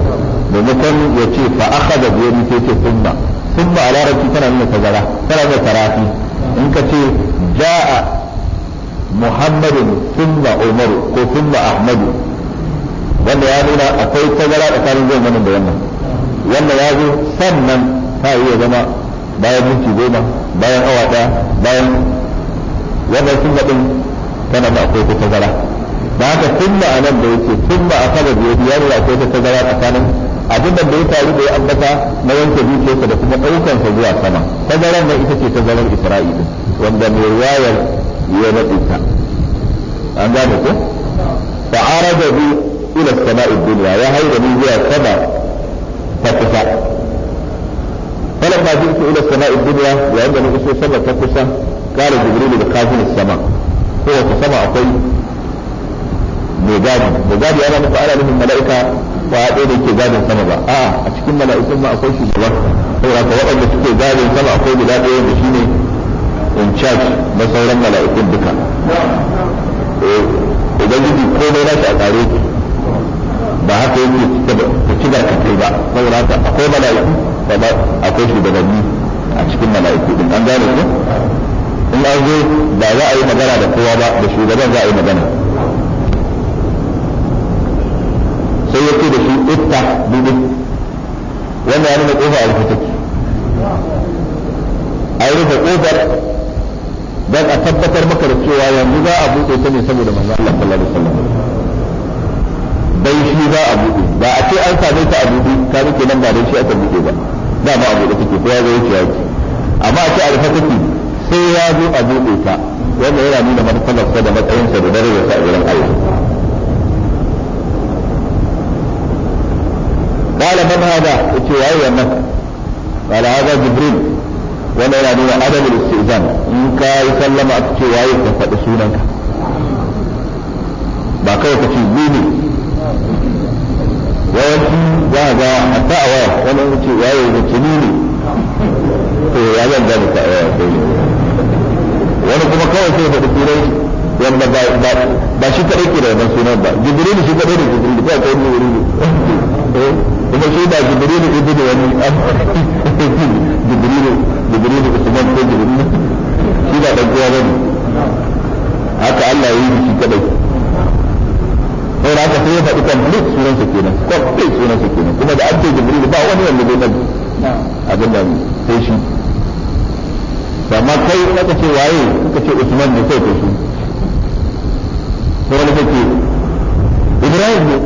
maimakon ya ce fa aka da biyani sai ce summa summa a larabci tana nuna tazara tana nuna tarafi in ka ce ja'a muhammadin summa umaru ko summa ahmadu wanda ya nuna akwai tazara tsakanin zuwa wannan da wannan wannan ya zo sannan ta iya zama bayan minti goma bayan awa ɗaya bayan wannan sun gaɗin tana da akwai ta gara. da haka tun a nan da yake tun da a kada da ya nuna akwai ta gara tsakanin abin da ya faru da ya ambata na wanke zuciyarsa da kuma ɗaukansa zuwa sama tazarar nan ita ce ta isra'i din wanda mai wayar ya naɗe ta an gane ko fa'ara da bi ila sama'i duniya ya haida ni zuwa sama ta kusa فلما جئت الى السماء الدنيا وعندما اسوء سما تكسى قال جبريل لخازن السماء هو السماء اقول ميجادي ميجادي انا مك انا من الملائكه وهذا اللي ke gadin sama ba a a cikin mala'ikun ma akwai shugaban saboda ka waɗanda suke gadin sama akwai guda ɗaya da shine in charge na sauran mala'ikun duka eh, ubangiji komai na shi a tsare ba haka yake cike da ci da kai ba saboda haka akwai mala'iku kaza akwai shugabanni a cikin mala'iku din an gane ku. in an zo ba za a yi magana da kowa ba da shugaban za a yi magana sai ya ce da shi itta dubu wanda ya nuna kofa a rufe take an rufe kofar don a tabbatar maka da cewa yanzu za a buɗe ta ne saboda manzo Allah sallallahu alaihi wasallam bai shi za a buɗe ba a ce an same ta a buɗe ka nan ba dai shi aka buɗe ba da ba abu da take ko ya zo yaki amma a ce a rufe take sai ya zo a buɗe ta wanda yana nuna mata martabarsa da matsayinsa da darajarsa a wurin Allah قال من هذا؟ قلت يا قال هذا جبريل وانا ka عدم الاستئذان ان كان يسلم اكتي واي كفد سونك ba kai ka ce ni ne za a ga a ta wani wuce ya yi mutumi ne to ya zan gane ta wani kuma kawai sai da turai wanda ba shi kaɗai ke da wannan sunan ba jibrilu shi kaɗai da jibrilu kawai ta wani wuri ne eh, kuma shi ba jibrilu ibnu wani [laughs] jibrilu jibrilu usman ko jibrilu shi ba ɗan kowa ba ne haka Allah ya yi shi kaɗai sai da aka sai ya faɗi complete sunan su kenan complete sunan su kenan kuma da an ce jibril ba wani wanda zai ɗan abin da sai shi amma kai aka ce waye suka ce usman ne kai shi sai wani zai ce ibrahim ne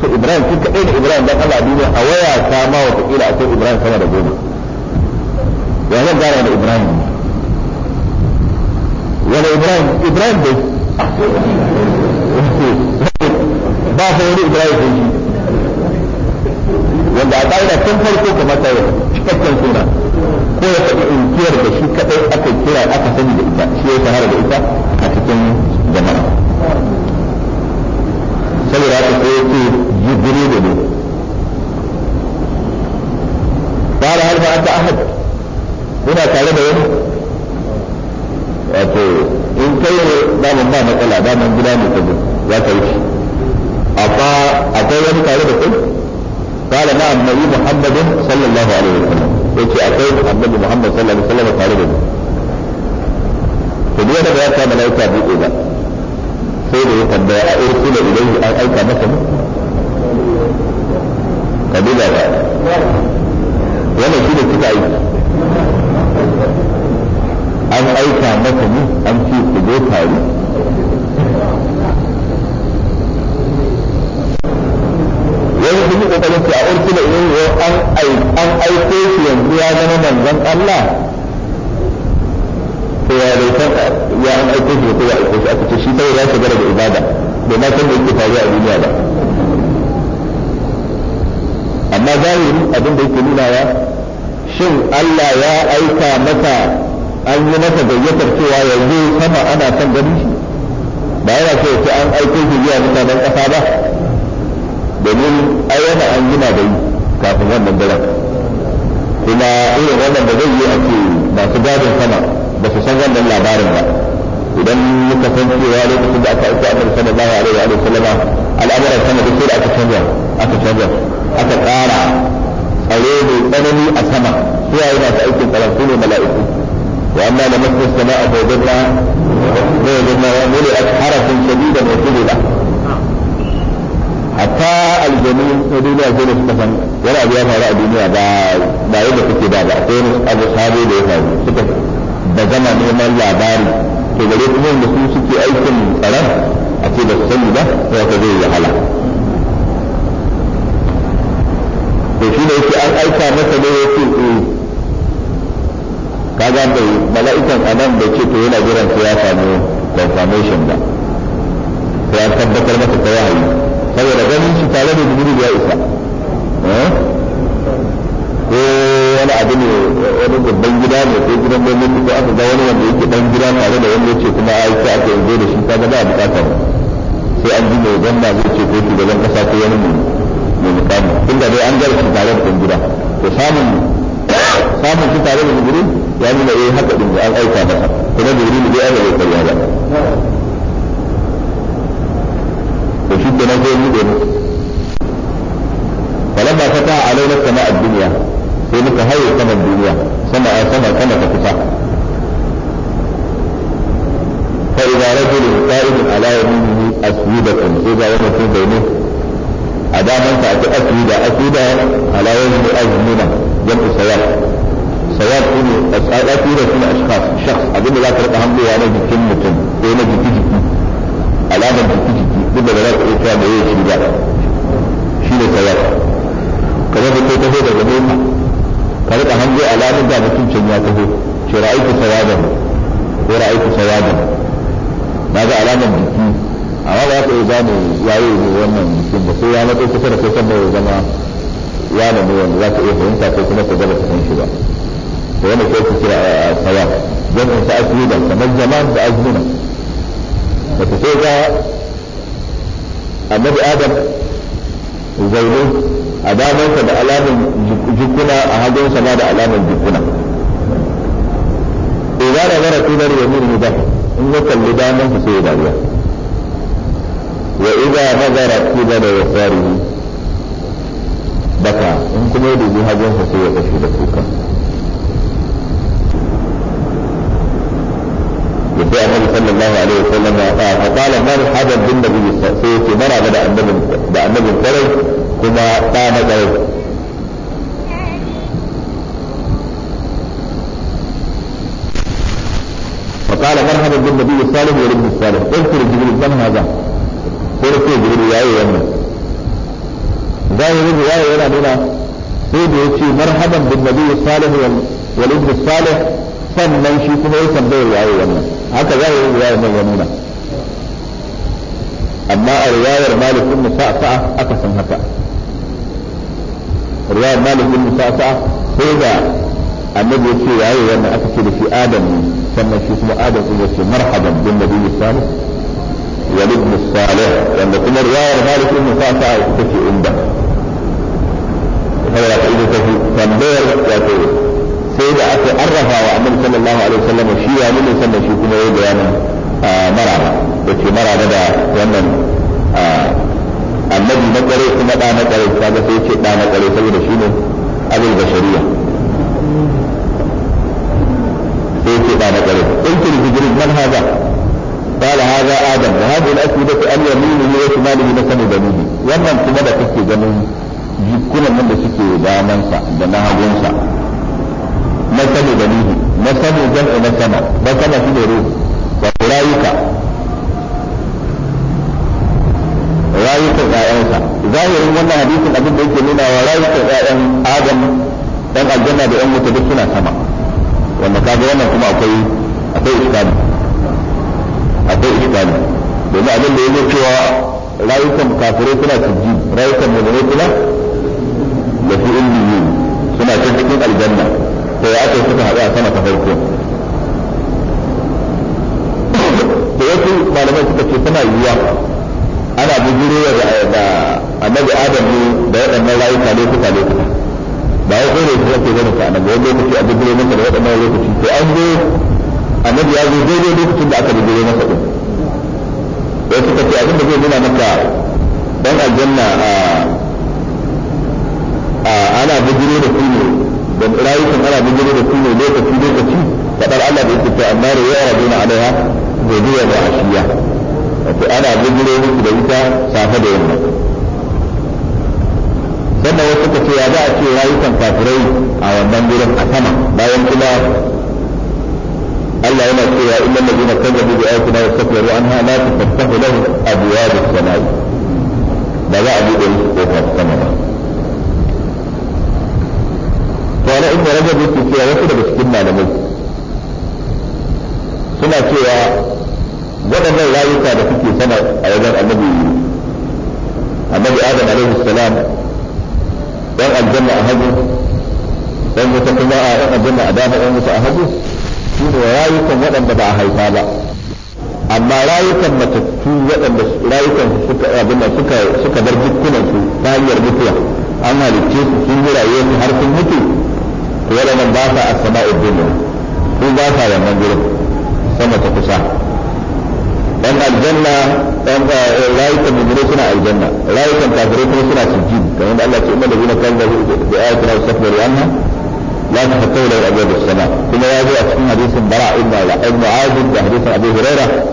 to ibrahim sun kaɗai da ibrahim dan allah duniya a waya ta ma wata a akwai ibrahim sama da goma ya zan gane da ibrahim ne wani ibrahim ibrahim dai ba sai wani ibrahim sai shi wanda a ƙa'ida tun farko kamar ta yi cikakken suna ko ya faɗi inkiyar da shi kaɗai aka kira aka sani da ita shi ya shahara da ita a cikin jama'a saboda haka sai ya ce jibrilu ne ba قال aka أنت أحد هنا da يوم wato in kai daman ba matsala daman gida ne kaji za ka yi amma akwai wani tare da kai kala na annabi muhammadin sallallahu alaihi wasallam yace akwai annabi muhammad sallallahu alaihi wasallam tare da ni to duk wanda ya ta malaika buɗe ba sai da ya tambaya a ursula ilayhi an aika masa ne kabila ba wannan shi ne kuka aiki an aika maka ne an ce ku zo tare wani kuma kokarin ce a ursula yau an aike shi yanzu ya zama manzon Allah to ya bai ta ya an aike shi ko ya aiko shi aka ce shi sai ya shiga da ibada bai ma san da yake faruwa a duniya ba amma zahiri abin da yake nuna ya shin Allah ya aika maka an yi masa gayyatar cewa yanzu sama ana son gani shi ba yana so sai an aiko shi zuwa mutanen ƙasa ba domin ayyana an gina da yi kafin wannan daren kuma irin wannan da zai yi a ce masu gadin sama ba su san wannan labarin ba idan muka san cewa lokacin da aka aiko annabi sallallahu alaihi wa sallama al'amuran sama da sai da aka canza aka canza aka ƙara tsare mai tsanani a sama su yana masu aikin tsaron su ne mala'iku واما لمس السماء فوجدنا فوجدنا ملئت حرسا شديدا وسبلا hatta aljanu na duniya sai da suka san wani abu ya faru a duniya ba ba yadda kuke ba ba akwai abu sabo da ya faru suka da gama neman labari to gare kuma da su suke aikin tsaron a ce ba su sani ba to ka zai wahala to shi ne yake an aika masa ne ya kaga bai mala'ikan anan bai ce to yana jiran sai ya samu confirmation ba sai ya tabbatar masa ta wahayi saboda ganin shi tare da jibril ya isa eh? ko wani abu ne wani babban gida ne ko gidan gwamnati ko aka ga wani wanda yake dan gida tare da wanda yake kuma ai sai aka yanzu da shi kaga ba bukatar sai an ji mai gwamna zai ce ko shugaban kasa ko wani mai mukami tunda dai an gara shi tare da gida to samun samun shi tare da jibril ya nuna eh haka din an aika masa kuma jibril bai ana bai karya ba to shi kenan zai yi domin falamma fata alaina sama ad-dunya sai muka haye sama duniya sama a sama sama ta kusa fa idza rajul qa'id ala yaminihi aswidatan sai ga wani mutum bai ne a damansa jam'u sayar sayar shi ne a tsada shi ne shine ashkhas shakhs abinda za ka rika hangowa na jikin mutum ko na jiki jiki alamar jiki jiki duk da ba za ka iya da yau shi ne sayar kamar da ko taho daga nesa ka rika hango alamar da mutum ya taho ce ra'aitu sawadan na ga alamar jiki amma za ka iya gane yayi wannan jikin ba sai ya matsa kusa ya zama ya ne wanda za ka iya fahimta ko kuma ka gaba san shi ba to wanda ko ku kira a eh, sawa jamin sa ajnuna kamar zaman da ajnuna da ta sai ga annabi adam zaune a damansa da alamun jikuna a hagunsa ma da alamun jikuna idan eh, da mara tunar yamin da in ya kalli damansa sai ya dariya wa idza nazara qibala yasarihi baka in kuma ya dubi hajjinsa sai ya kashe da kuka yadda ya annabi sallallahu alaihi wa sallam ya faɗa fa qala man hada bin nabi sai yace mara ga da annabin sarai kuma ta na gare فقال مرحبا بالنبي الصالح ورب الصالح اذكر جبريل من هذا قلت جبريل يا ايها الناس ظاهر الرواية يرى هنا يدعو شيء مرحبا بالنبي الصالح والابن الصالح ثم من شيء كما يسمى الرواية يمنى حتى ظاهر الرواية من يمنى أما الرواية مالك بن مصاصة أقسم هكا الرواية مالك بن مصاصة هذا النبي شيء رواية يمنى أقسم في آدم ثم شيء كما آدم يقول مرحبا بالنبي الصالح والابن الصالح لأن كل الرواية مالك بن سعسع تكي عنده هذا يقول تكي تنبير يقول سيدة أتي أرفع وعمل صلى الله عليه وسلم الشيء عمل يسمى شيء كما يقول يعني، أنا آه، مرعبا يقول مرعبا دا يمن آه، النبي نقري كما دا نقري كما سيكي دا نقري سيدة شينه أبو البشرية سيكي دا نقري قلت لجبريل من هذا؟ قال هذا آدم وهذه الأسئلة أن يمينه وشماله نسب بنيه wannan kuma da kake ganin jikunan nan da suke damansa da na hagunsa na sani da nihi na sani jam'i na sama na sama shi ne ruhu rayuka rayukan zahirin wannan hadisin abin da yake nuna wa rayukan 'ya'yan adam dan aljanna da 'yan wuta duk suna sama wanda kaga wannan kuma akwai akwai iskali akwai imani domin abin da ya zo cewa rayukan kafirai suna ciji rayukan mulmai kuma da su ilmi suna can cikin aljanna to ya aka suka haɗu a sama ta farko da wasu malamai suka ce yi yiwuwa ana bujiro da annabi adam ne da waɗannan rayuka lokuta lokuta ba ya kone su kake ganin sa annabi wani lokaci a bujiro masa da waɗannan lokaci to an zo annabi ya zo daidai lokacin da aka bugure masa din da suka ce abin da zai nuna maka dan aljanna a ana bijiro da kullu da rayukan ana bijiro da kullu lokaci lokaci fadar Allah da yake ta amma da ya rabuna alaiha godiya da ashiya wato ana bijiro da ita safa da yamma sannan wasu ka ce ya za a ce rayukan kafirai a wannan gurin a sama bayan kuma ألا هنا فيها إلا الذين كذبوا بآياتنا واستكبروا عنها لا تفتح لهم أبواب السماء بل أبواب السماء قال إن رجل رجب التسيا وكل على لمن سنة سيا وقد لا يكاد فيك سنة أيضا النبي النبي آدم عليه السلام وأن جمع أهده وأن متقماء وأن جمع أدامه وأن متأهده shine rayukan waɗanda ba a haifa ba amma rayukan matattu waɗanda rayukan suka abinda suka suka bar dukkanin su ta hanyar mutuwa an halicce su sun yi rayuwar su har sun mutu to nan ba sa asma'ud dunya ko ba sa wannan gurin sama ta kusa dan aljanna dan eh, rayukan mu'mini suna aljanna rayukan kafirai kuma suna sujjid kamar da Allah ya ce inna ladina kafaru da ayatina yastakbiru anha لا تحطوا له ابواب السماء كما يجي في حديث براء ابن ابن عازب وحديث ابي هريره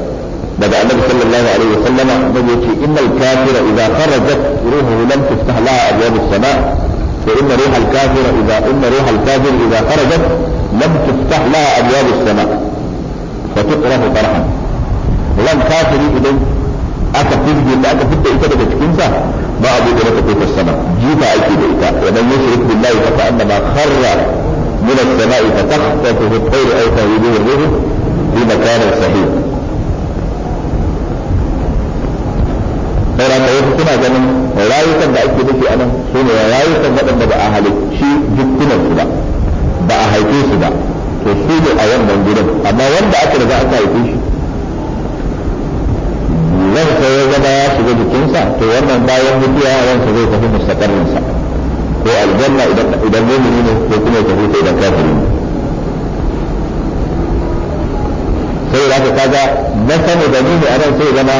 بدا النبي صلى الله عليه وسلم يقول ان الكافر اذا خرجت روحه لم تفتح لها ابواب السماء فان روح الكافر اذا ان روح الكافر اذا خرجت لم تفتح لها ابواب السماء فتقرأ طرحا ولم كافر اذا aka firge ta aka fitta ita daga cikinsa ba abu da na tafi sama jifa ake da ita wa man yushrik billahi fa annama kharra من السماء فتخطفه الطير أو تهويه الريح في مكان صحيح saura ta wasu suna ganin rayukan da ake nufi anan su ne rayukan waɗanda ba a halicci dukkunan su ba ba a haife su ba to su ne a wannan gudun amma wanda aka riga aka haife shi zan sai ya zama ya shiga jikinsa to wannan bayan mutuwa ransa zai tafi mustaqarrinsa sa ko aljanna idan mumini ne ko kuma ta huta idan kafiri ne sai da ka kaga na sani da ne a nan sai zama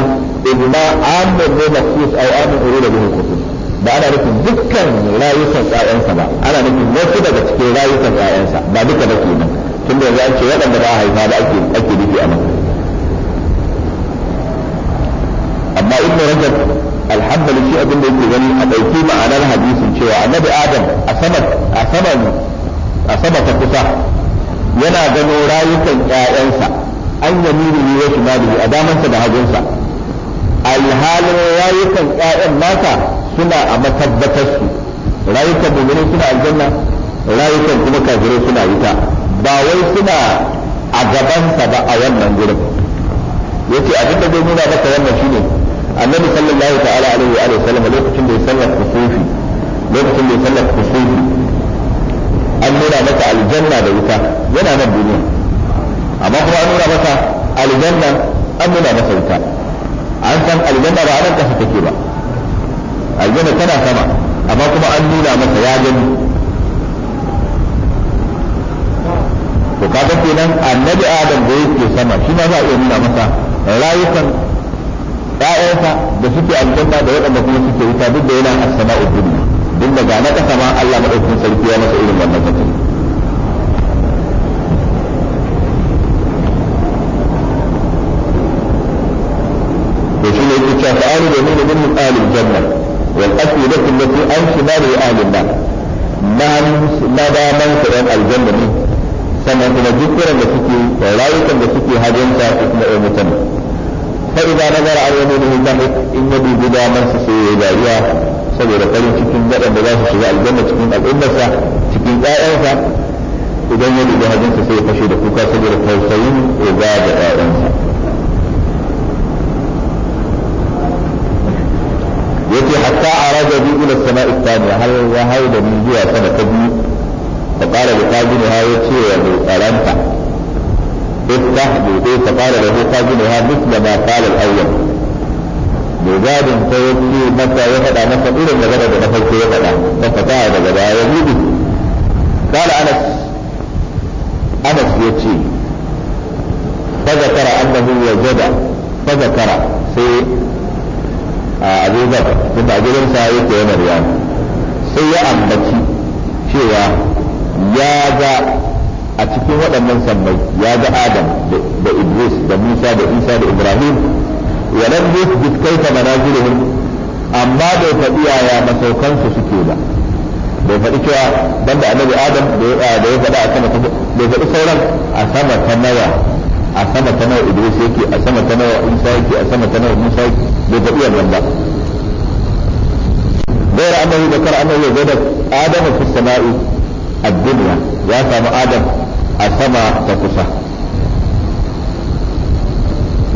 imma amin ne makus au amin uru da bihin kusur ba ana nufin dukkan rayukan ƴaƴansa ba ana nufin wasu daga cikin rayukan ƴaƴansa ba duka ba ke nan tunda yanzu an ce waɗanda ba a haifa da ake ake nufi a nan amma ibnu rajab alhambali shi abin da yake gani a ɗauki ma'anar hadisin cewa annabi adam a sama a sama a sama ta kusa yana gano rayukan ƴaƴansa an yamini ne wasu malihi a damansa da hagunsa alhalin rayukan ƴaƴan mata suna a su rayukan mummuni suna aljanna rayukan kuma kafirai suna wuta ba wai suna a gabansa ba a wannan gurin yace abin da zai nuna maka wannan shine annabi sallallahu ta'ala alaihi wa sallam lokacin da ya sallar kusufi lokacin da sallar kusufi an nuna masa aljanna da wuta yana nan duniya amma kuma an nuna masa aljanna an nuna masa wuta an san aljanna ba a nan kasa take ba aljanna tana sama amma kuma an nuna masa ya gani to kenan annabi adam da yake sama shima za a iya nuna masa rayukan ƴaƴansa da suke aljanna da waɗanda kuma suke wuta duk da yana asama ubudu duk da ga na ƙasa ma Allah maɗaukin sarki ya masa irin wannan kafin. to shi ne yake cewa fa alu da nuna min alu jannah wal asli da kuma sai an shi da ya alu ba ma da man su ɗan aljanna ne sannan kuma duk wurin da suke rayukan da suke hajjanta su kuma ɗaya mutane. فإذا نظر عن يمينه ضحك إن يدي بدا من سيئ داريا saboda farin cikin gaɗan da za su shiga aljanna cikin al'ummarsa cikin ƴaƴansa idan ya dubi hajjinsa sai ya fashe da kuka saboda tausayin riga da ƴaƴansa yake hatta a raja bi ila sama'i thaniya har ya hau da ni zuwa sama ta biyu fa qala bi qadiriha yace wa bi qalanta بالته بيت فقال له قابلها مثل ما قال الاول بباب فيبكي مكة وقد عمت الى المدرسه دخلت وقد عمت فقطع بدلا يزيد قال انس انس يبكي فذكر انه وجد فذكر في آه، ابي بكر ثم اجل سعيد يوم الرياض سيئا بكي شيئا يا ذا a cikin waɗannan sammai ya ga adam da idris da musa da isa da ibrahim duk yusbit ta manazilihim amma bai faɗi yaya masaukansu suke ba bai faɗi cewa banda annabi adam da ya faɗa a sama ta bai faɗi sauran a sama ta nawa a sama ta nawa idris yake a sama ta nawa isa yake a sama ta nawa musa yake bai faɗi wannan ba غير أنه ذكر أنه وجد آدم في السماء الدنيا يا سام آدم السماء تكفى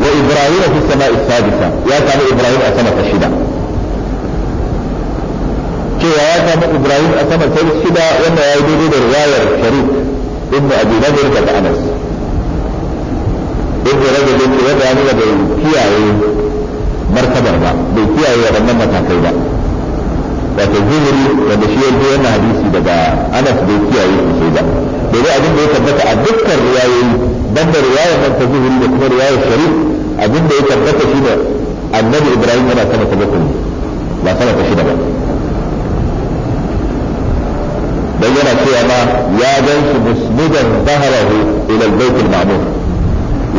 وإبراهيم في السماء السادسة يا سام إبراهيم السماء تشهد كي يا سام إبراهيم السماء تشهد وما يدود الرواية الشريف ابن أبي نذر قد أنس ابن رجل يقول يا رجل كي يا إيه؟ مركبة بكي يا رجل wato zuhuri wanda shi yanzu yana hadisi daga anas bai kiyaye su sai ba dai abin da ya tabbata a dukkan riwayoyi ban da riwayar nan ta zuhuri da kuma riwayar sharif abin da ya tabbata shi da annabi ibrahim yana sama ta bakwai ba sama ta shida ba dan yana cewa ma ya gan shi musnidan zaharahu ila al-bayt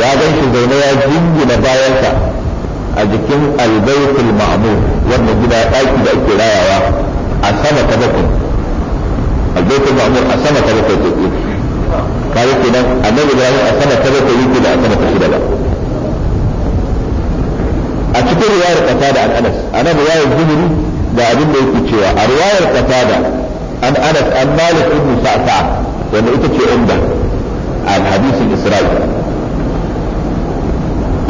ya gan shi zaune ya jingina bayansa a jikin albaitul ma'mur wanda gida daki da ake rayawa a sama ta bakwai albaitul ma'mur a sama ta bakwai ke ke kayi kenan annabi ibrahim a sama ta bakwai yake da a sama ta shida ba a cikin riwayar qatada an anas ana riwayar zuhri da abin da yake cewa a riwayar qatada an anas an malik ibn sa'sa wanda ita ce umda al hadisin isra'il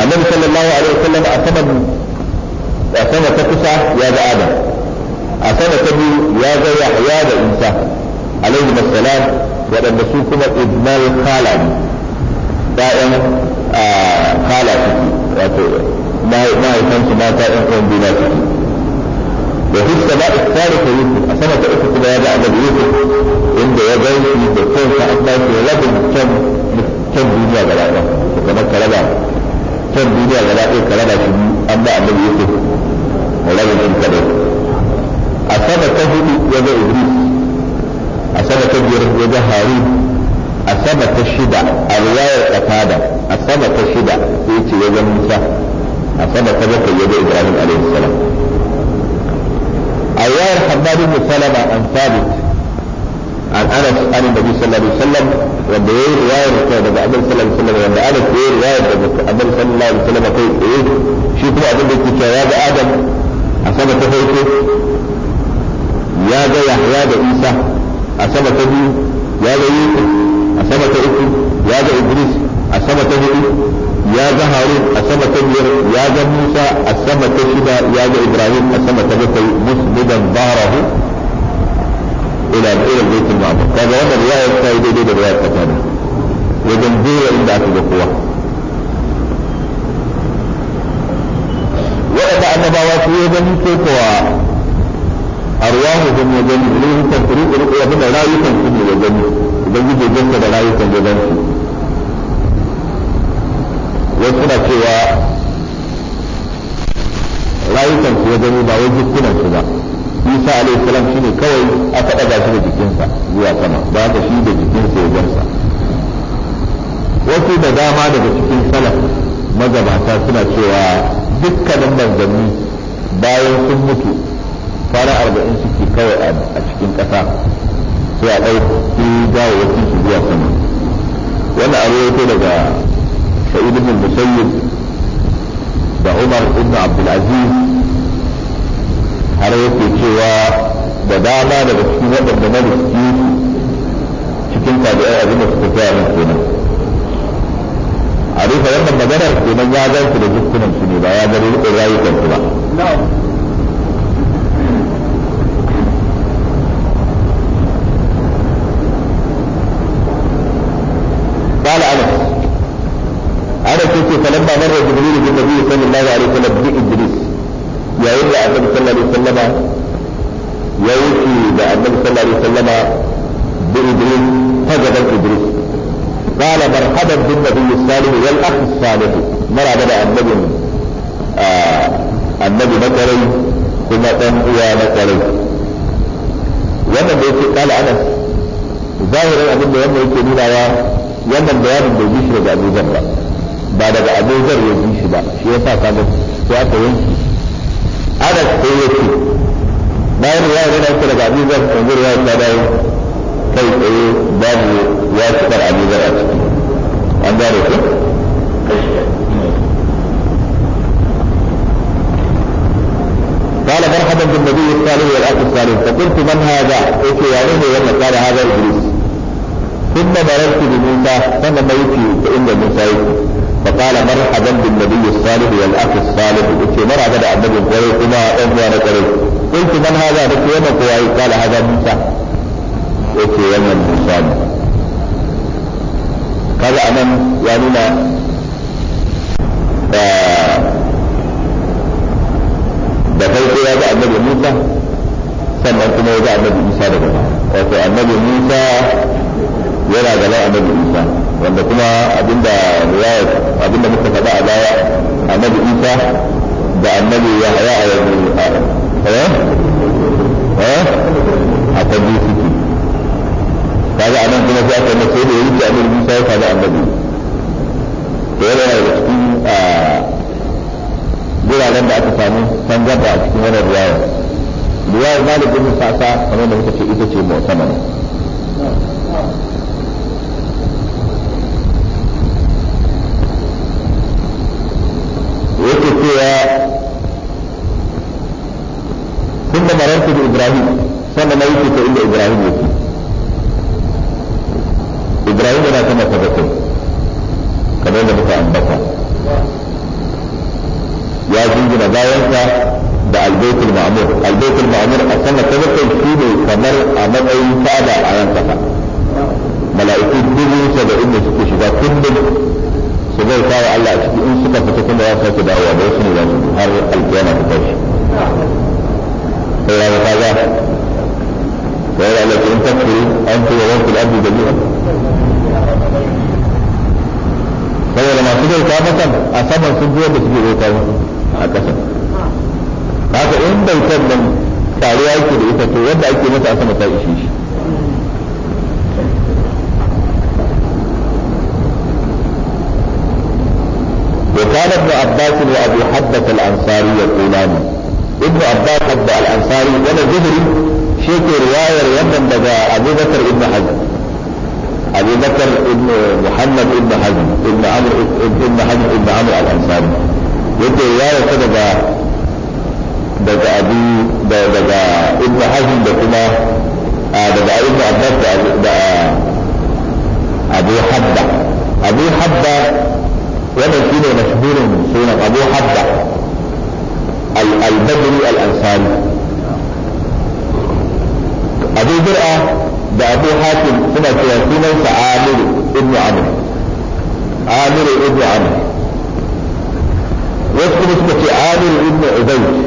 annabi sallallahu alaihi wasallam a saman a sama ta kusa ya ga adam a sama ta biyu ya ga yahya da isa alaihi wassalam waɗanda su kuma ibnal khala ne ɗayan khala suke wato mahaifansu mata ɗan ɗan juna suke وفي السماء الثالثة يوسف أسمة أخت كما يدعى النبي يوسف في لبن كم كم دنيا son duniya gaba ɗaya ka raba shi an ba annabi yusuf rabin shi kadai a sama ta hudu wajen idris a sama ta biyar wajen harun a sama ta shida a riwayar kafada a sama ta shida sai ce wajen musa a sama ta bakwai wajen ibrahim alaihi salam a riwayar hamadu musalama an sabit عن انس عن النبي صلى الله عليه وسلم وده ايه روايه من كده ابو عبد الله صلى الله عليه وسلم وده انس ايه روايه من ابو عبد الله صلى الله عليه وسلم كل ايه شوفوا عبد الله يا ابو ادم اصابه تفوت يا ذا يحيى ذا عيسى اصابه تبي يا ذا يوسف اصابه تبي يا ذا ادريس اصابه تبي يا ذا هارون اصابه تبي يا ذا موسى اصابه تبي يا ذا ابراهيم اصابه تبي مسجدا ظهره ila ila baitul ma'mur kaga wannan yi daidai da riwaya ta tada wajen jira inda aka ga kowa waɗanda annabawa su yi gani ko kuwa arwahuhum wa gani ruhukan turuƙu ruƙu da rayukan su ne wa gani ubangiji jinka da rayukan da na ba wajen su ba isa alaihi salam shine kawai aka daga shi da jikinsa zuwa sama ba ka shi da jikinsa ya gansa wasu da dama daga cikin salaf magabata suna cewa dukkanin manzanni bayan sun mutu fara arba'in suke kawai a cikin ƙasa sai a ɗauki gawawwakin su zuwa sama wani abu ya daga sa'id ibn da umar ibn abdulaziz har yake cewa da dama daga cikin waɗanda na riski cikin tabi'ai abin da suka fiya min kenan a rufe wannan maganar kenan ya gan da dukkanin su ne ba ya gari rayukan su ba وسلم يوصي بالنبي صلى الله عليه وسلم بإدريس فجد إدريس قال مرحبا بالنبي الصالح والأخ الصالح مرحبا na آه النبي مكري كما na مكري wannan da yake kala anas zahirin abin da wannan yake nuna ya wannan bayanin bai ji shi daga abu ba ba daga abu ya ji shi ba shi yasa kaga sai aka yanki ana sai ya ce bayan ya yi na kira ga abizar tsangur ya ta dawo kai tsaye babu ya cikar abizar a ciki an gane ku قال مرحبا بالنبي الصالح والاخ الصالح فقلت من هذا؟ قلت يا يعني قال هذا ابليس ثم مررت بموسى ثم ميتي فان موسى يكفي فقال مرحبا بالنبي الصالح والاخ الصالح قلت مرحبا بالنبي الصالح كما انت انا كريم قلت من هذا قلت وما قوي قال هذا موسى قلت يا ومن موسى قال انا يعني da farko ya ga annabi Musa sannan kuma ya ga annabi Isa daga النبي موسى yana da nan annabi isa wanda kuma abinda abinda muka faɗa a baya annabi isa da annabi ya haya a yanzu a kan eh? Eh? suke kaga anan kuma aka ka sai da yake annabi isa ya faɗa annabi to yana da cikin guraren da aka samu tangata a cikin wannan riwaya riwaya malikin sa sa kamar da muka ce ita ce mu'tamar الرياء ثم مررت بابراهيم ثم ما يفوت الا ابراهيم يفوت ابراهيم لا كما تبقى كما يبقى ان بقى يا جنج نبايرك ده البيت المعمور البيت المعمور اصلا تبقى فيه كمر عمل اي كعبه على انتقى ملائكه تجي سبعين انه تشوفها كل su zai kawo Allah a ciki in suka fita kuma ya su sake dawowa da wasu ne za su har alkiyama ta shi. sai ya kaza. sai ya lafi in tafkiri an ce wa wasu abu da biyu saboda masu zai kawo masan a saman sun biyar da suke zai kawo a ƙasa haka in kan nan tare yake da ita to yadda ake masa a sama ta ishe shi عباس وابو حبة الانصاري يقولان ابن عباس حبة الانصاري ولا جبري شيك رواية يمن بدا ابو بكر ابن حزم ابو بكر ابن محمد ابن حزم ابن عمرو ابن حزم ابن عمرو الانصاري yadda روايه rasa daga daga abu daga ibn hazm da kuma daga ibn abbas ابو حبه habba abu ومن فينا مشهور فينا ابو حبه البدري الانصاري ابو برئه ده ابو حاتم سنه ثلاثين عامر ابن عمرو عامر ابن عمرو يذكر اسمه في عامر ابن عبيد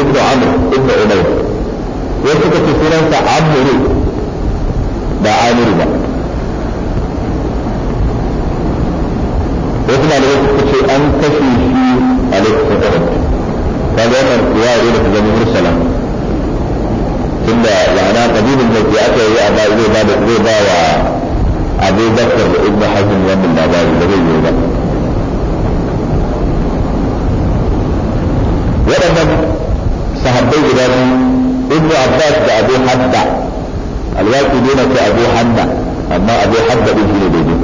ابن عمرو ابن عبيد يذكر في سنه عمرو ده عامر بقى wasu malamai suka ce an kashe shi a lokacin kafar ta ga wannan ya yi da zama mursala tunda ma'ana kabilin da aka yi a bayi zai ba zai ba wa abu bakar da ibnu hazm wannan labari da zai yi ba waɗannan sahabbai guda biyu ibnu abbas da abu hadda alwaki ne na ce abu hadda amma abu hadda ɗin shi ne daidai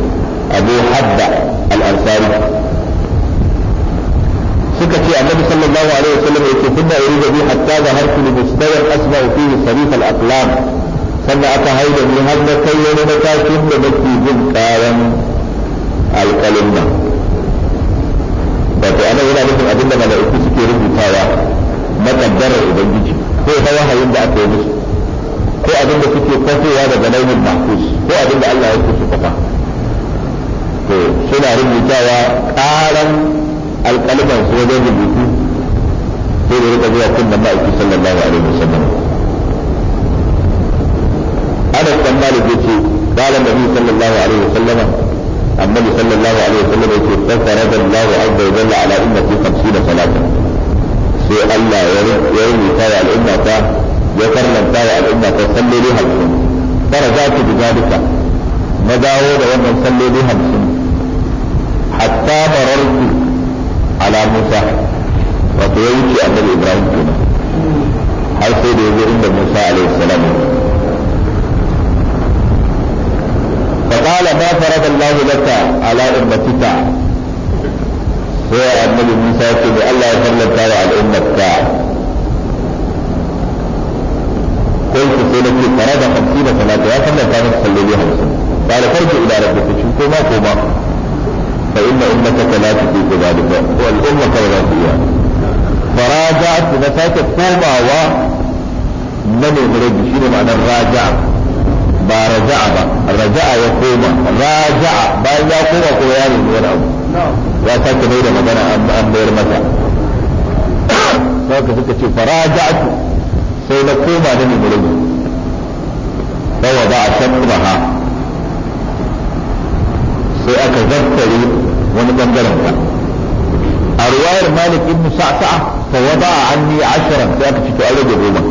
abu hadda al-ansari suka ce annabi sallallahu alaihi wasallam yake kunna yuridu bi hatta zahartu li mustawa asma'u fihi sarif al-aqlam sannan aka haida ni har na kai wani matakin da nake jin karan alƙalin nan wato ana yana nufin abin da mala'iku suke rubutawa na kaddarar ubangiji ko ta wahayin da aka yi musu ko abin da suke kwafowa daga launin mahfuz ko abin da Allah ya kusa kwafa to suna rubutawa ƙaran alƙalman su wajen rubutu sai da rika zuwa kun da ma'aiki sallallahu alaihi wasallam anas dan malik yace qala nabi sallallahu alaihi wasallam annabi sallallahu alaihi wasallam yace tafarada allah azza wa jalla ala ummati 50 salatan sai allah ya yi rubuta wa al'umma ta ya karanta wa al'umma ta salloli 50 farajatu bi zalika na dawo da wannan salloli 50 حتى مررت على موسى wato أمر إبراهيم كنا حيث kenan عند موسى عليه السلام فقال ما فرض الله لك على أمتك هو النبي موسى يقول الله يفرض على أمتك قلت سيدك فرض خمسين صلاة يا فرض كانت تصلي بها قال فرجع إلى ربك شوفوا ما ما فإن أمتك لا تطيق ذلك والأمة الغربية فراجعت نفات الكوبا و من يمرد شنو معنى الراجع با رجع با رجع يقوم راجع با يقوم قيام ولا أبو ya sake mai da magana an bayar فراجعت فراجعت suka ce faraja'tu sai na koma sai aka zartare wani bangaren ka a ruwayar malik ibn sa'sa'a fa wada anni ashara sai aka fito an da goma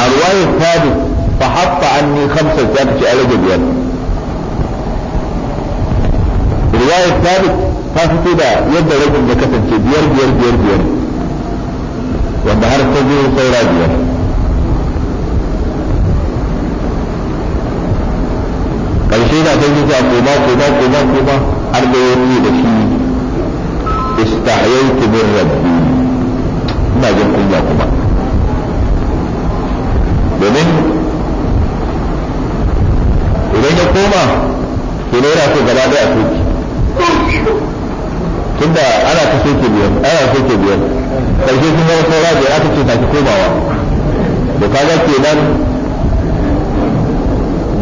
a ruwayar thabit fa hatta anni khamsa sai aka ce an da biyar ruwayar thabit ta fito da yadda rajin ya kasance biyar biyar biyar biyar wanda har ta zo saura biyar karshe na kan yake koma koma koma koma har da yanni da shi istahyaitu min rabbi ina jin kunya kuma domin idan ya koma ke ne yana gaba da a soki tunda ana ta soke biyar ana soke biyar karshe sun zama saura biyar aka ce ki komawa da kaga kenan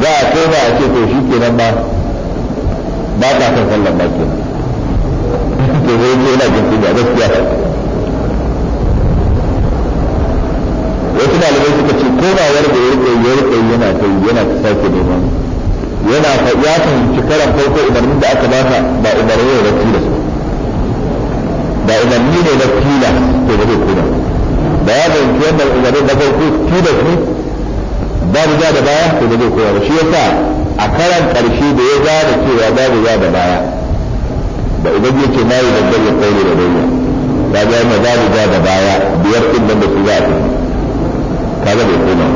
za a kai ba a ce to shi ke nan ba ba ta kan sallan ba ke ke zai ce yana jin da gaskiya wasu malamai suka ce ko ba wani da ya rike ya rike yana kai yana ta sake neman yana ya fahimci karan farko umarnin da aka baka ba umarnin da ya da su da umarni ne na tilas to ba zai kuna ba ya fahimci wannan umarnin na farko tilas ne babu za da baya to da zai koya ba shi yasa a karan karshe da ya gane cewa babu za da baya da idan yake nayi da gari kai da dai ba ga yana babu za da baya biyar din da su za ta kaga bai koma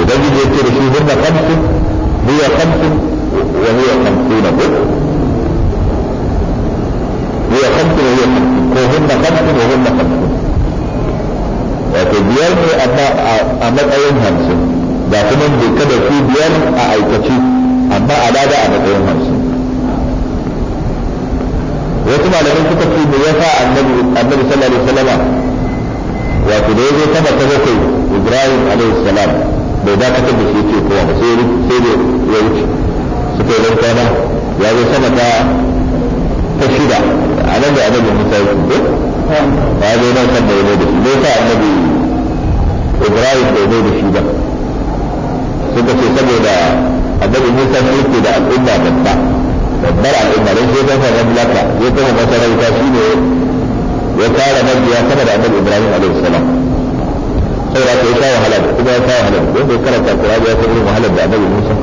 idan yake da shi hunna kamsin biya kamsin wa huwa kamsuna هي خمس ko خمس وهن خمس وهن خمس wato biyar ne amma a matsayin hamsin ga kuma doka da su biyar a aikaci amma a lada a matsayin hamsin wasu malamai suka ce ya yasa annabi annabi sallallahu alaihi wasallam wato da yazo kama ta bakwai Ibrahim alaihi salam bai dakatar da shi ce kowa ba sai sai da ya wuce suka yi kwana ya zo sama ta ta shida a nan da annabi Musa ya ko ba dai nan kan da yake da shi dai ta annabi Ibrahim da yake da shi ba suka ce saboda annabi Musa ya yake da al'umma babba babbar al'umma dan sai ta fara mulaka ya kuma masarauta shi ne ya kare mabiya sama da annabi Ibrahim alaihi salam saboda ta yi kawo halal kuma ya kawo halal don bai karanta Qur'ani ya kuma wahala da annabi Musa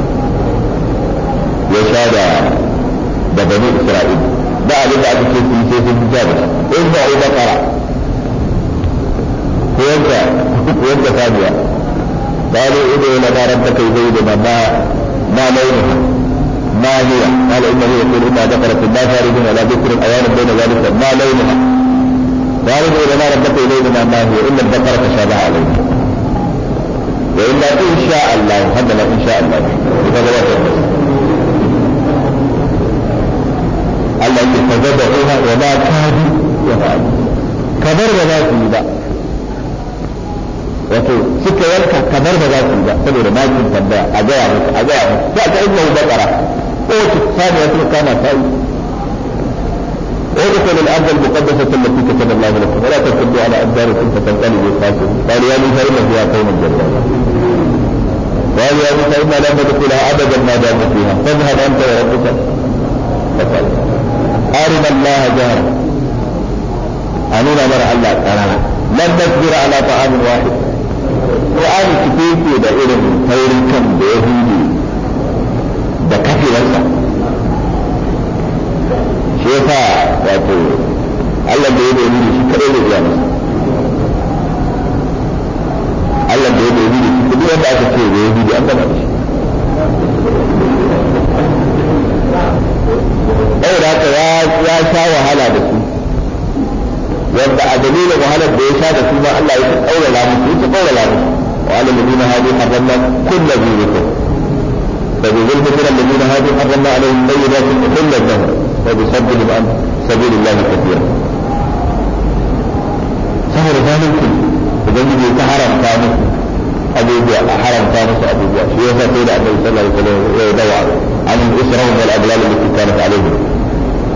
ya sha da da bani Isra'ila ba abin da aka ce kun sai kun fita da in ba ai bakara ko yanka ko yanka sabiya قالوا ادعوا ربك يزيد ما ما لونها ما هي قال هي يقول انها ذكرت لا خارج لا ذكر الأوان بين ذلك ما لونها قالوا ادعوا لنا ربك يزيد ما ما هي الا الذكر تشابه عليه والا ان شاء الله هذا ان شاء الله اذا التي تزد فيها ولا كاد يفعل كبر ولا تنبع وتو سكة يلكا كبر ولا تنبع تقول ما تنبع أجاهك أجاهك فأنت إذن بكرة أوت الثانية كان فائد ادخل للأرض المقدسة التي كتب الله لكم ولا تكتبوا على ادباركم فتنقلبوا خاسرين قال يا موسى ان فيها قوم جبارين قال يا موسى ان لا تدخلها ابدا ما دام فيها فاذهب انت وربك فقال أرنا الله جهرا أنونا مرة الله تعالى لن نصبر على طعام واحد قرآن كتير da irin taurin da ya hudu da kafirarsa shi yasa wato Allah da ya domin shi kadai da biya masa Allah da ya domin shi aka ce da ya an shi saboda haka ya sha wahala da su wanda a dalilin wahalar da ya sha da su ma Allah ya tsaurara musu ya tsaurara musu wa alal ladina hadu hadanna kullu dhikr فبذلك الذين هادوا حرمنا عليهم طيبات احلت لهم وبصدهم عن سبيل الله كثيرا. سهر ذلك ubangiji ta haramta muku abubuwa a haramta musu abubuwa shi yasa sai da annabi sallallahu alaihi wasallam ya dawa an isra'u wal ablal allati ta alaihim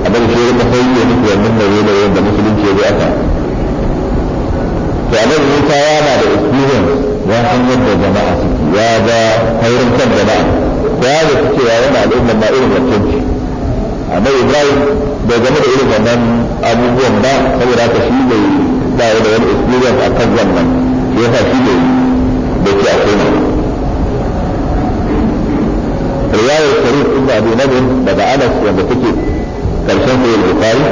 abin da ya rika sai ya nufi wannan nauyi da yadda musulunci ya bi aka to annabi Musa yana da experience ya san yadda jama'a suke ya ga hairin kan jama'a ya ga cewa yana al'umma ba irin wancan ce annabi Ibrahim bai game da irin wannan abubuwan ba saboda haka shi bai ba da wani a kan wannan yasa shi bai da ke a kuma riwayar sharif ibn abi nadim daga anas wanda take karshen sahih bukhari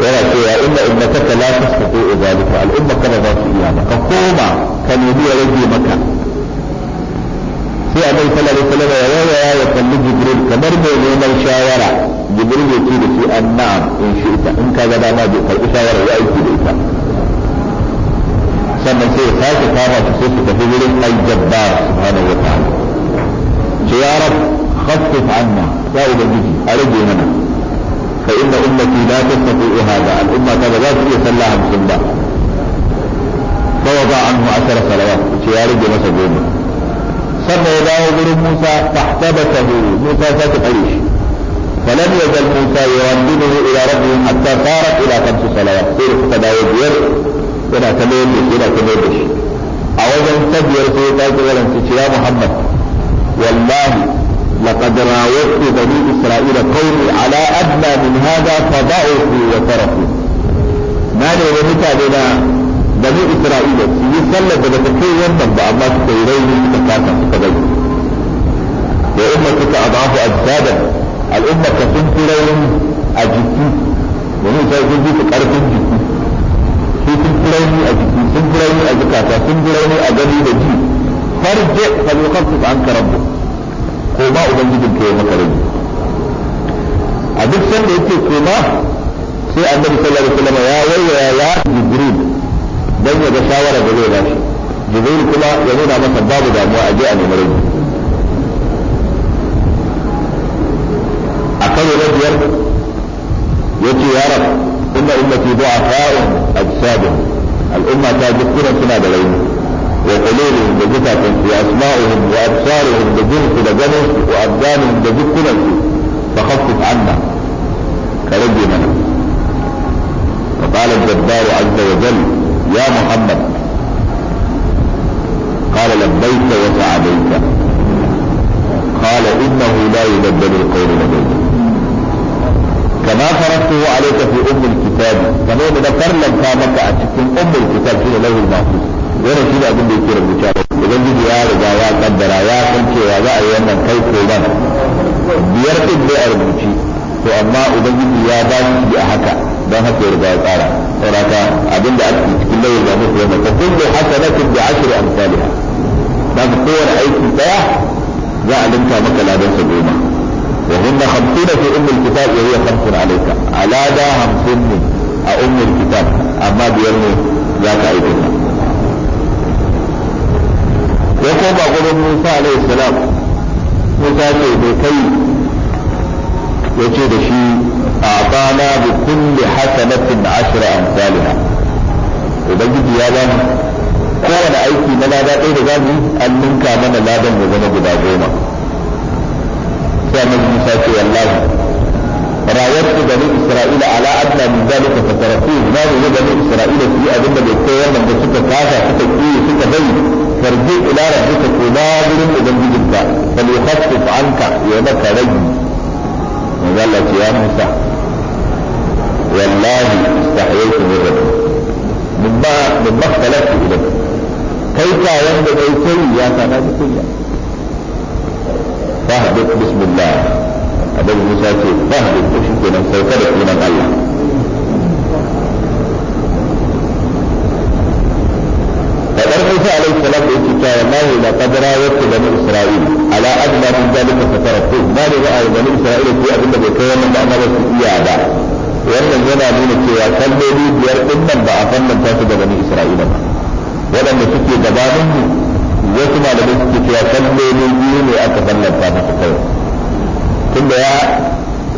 yana cewa inna innaka la tastati'u zalika al'umma kana za su iya maka koma ka nemi ya rage maka sai annabi sallallahu alaihi wasallam ya yaya ya kalli jibril kamar mai neman shawara jibril ya ce da shi anna'am in shi'ta in ka ga dama bai karbi shawara ya aiki da ita sannan sai ya sake kama sai su tafi wurin aljabbar subhanahu wa ta'ala ce ya rab khaffif anna ya ubangiji a rage mana fa inna ummati la tastati'u hada al umma ta ba za su iya sallah hamsin ba fa wada anhu asara salawat ce ya rage masa goma sannan ya dawo gurin Musa tahtabatahu Musa ta ta kare shi فلم يزل موسى يرنمه الى ربه حتى صارت الى خمس صلوات سيره كذا يزيد ولا تميل ولا تميل أولا تبير في ذلك ولن يا محمد والله لقد راودت بني إسرائيل قومي على أدنى من هذا فضعفوا وتركوا ما لي لنا بني إسرائيل في سلة بتكون يمن بأما تكيرين تكاتا تكبير وأمتك أضعاف أجسادا الأمة كتنت لهم أجسي ومن سيكون في قرب جسي sai sun fi rauni a jiki sun fi rauni a zukata sun fi rauni a gani da ji farje fa yukhaffifu anka ko ba ubangijin maka rauni a duk sanda yake ko ba sai annabi sallallahu alaihi wasallam ya waiwaya ya jibril dan ya ga shawara da zai shi jibril kuma ya nuna masa babu damuwa a je a nemi rauni a karo na biyar ya ce ya rabu إن أمتي ضعفاء أجسادهم الأمة تذكرا سنة بلين وقلوبهم في وأسماؤهم وأبصارهم بزنس لجنس وأبدانهم بجفة فخفف عنا كرجي منا فقال الجبار عز وجل يا محمد قال لبيك وسعديك قال إنه لا يبدل القول لبيك وما فرضته عليك في ام الكتاب فما اذا ذكر لك فامك اتكن ام الكتاب في لوح المحفوظ وانا كده اقول لك كده اذا انت يا رجاء يا قدر يا كنتي يا ذا ايام من كي كولان بيرتب بي ارمجي واما اذا يا ذا يا حكا ده هك يرجاء قارا وراكا اقول لك كل يوم يرمجي يوم فكل حسنة بعشر امثالها ما نعم، بقوة اي كتاب ذا علمتها مكلا بس بيومه وهن خمسون في أم الكتاب وهي خمس عليك على دا خمسون أم الكتاب أما بيرمي ذاك أيضا وكما قول موسى عليه السلام موسى بكي يجد شيء أعطانا بكل حسنة عشر أمثالها وبجد يا لنا kowane aiki na دا ɗaya da zamu an ninka mana ladan ya zama دا sai annabi Musa ce wallahi rayattu bani Isra'ila ala adna min zalika fatarafu na ne bani Isra'ila su yi abin da bai kai wannan da suka kasa suka ki suka bai farji ila rabbika kuma wurin ubangijinka fa yukhaffif anka ya maka ragi manzo Allah ce ya Musa wallahi istahayaytu min rabbi mun ba mun ba kalatu ilayka kai ka wanda kai kai ya sana kunya فاهبط بسم الله هذا موسى فاهبط بشكل من سيطرة من الله فقال موسى عليه السلام بإتكار الله إلى قدرى وقت بني إسرائيل على أدنى من ذلك فترقوه ما لغاء بني إسرائيل في أدنى بكيان من أمر السيادة wannan yana nuna cewa kalmomi biyar din من ba a fannin tasu da bani isra'ila ba wasu malamai suke cewa salloli biyu ne aka sallanta masa kawai tunda ya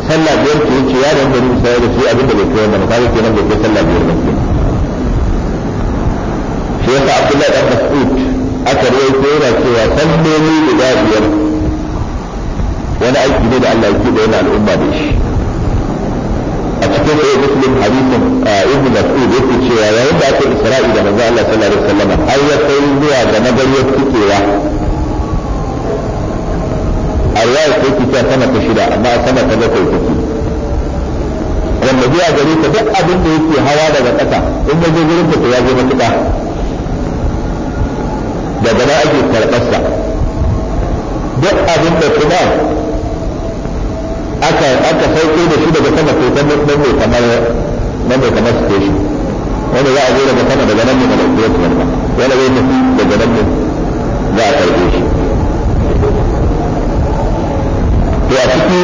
sallah biyar ce yace ya da mutum sai da shi abin da bai kai wannan kaga kenan bai kai sallah biyar ba shi yasa Abdullahi dan Mas'ud aka rawaito yana cewa salloli guda biyar wani aiki ne da Allah ya da yana al'umma da shi cikin sahih muslim hadisin ah, ibnu mas'ud yake cewa yayin da aka isra'i da manzo Allah sallallahu alaihi wasallam har ya kai zuwa ga magariyar cikewa a riwaya ta yake cewa sama ta shida amma a sama ta bakwai take wanda zuwa gare ta duk abin da yake hawa daga ƙasa in ya je gurin ta ya je matuƙa daga nan ake karɓarsa duk abin da kuma aka aka sauko da shi daga sama to dan dan mai kamar dan mai kamar station wanda za a zo daga sama daga nan ne da kuma wanda wanda zai tafi daga nan ne za a karbe shi to a ciki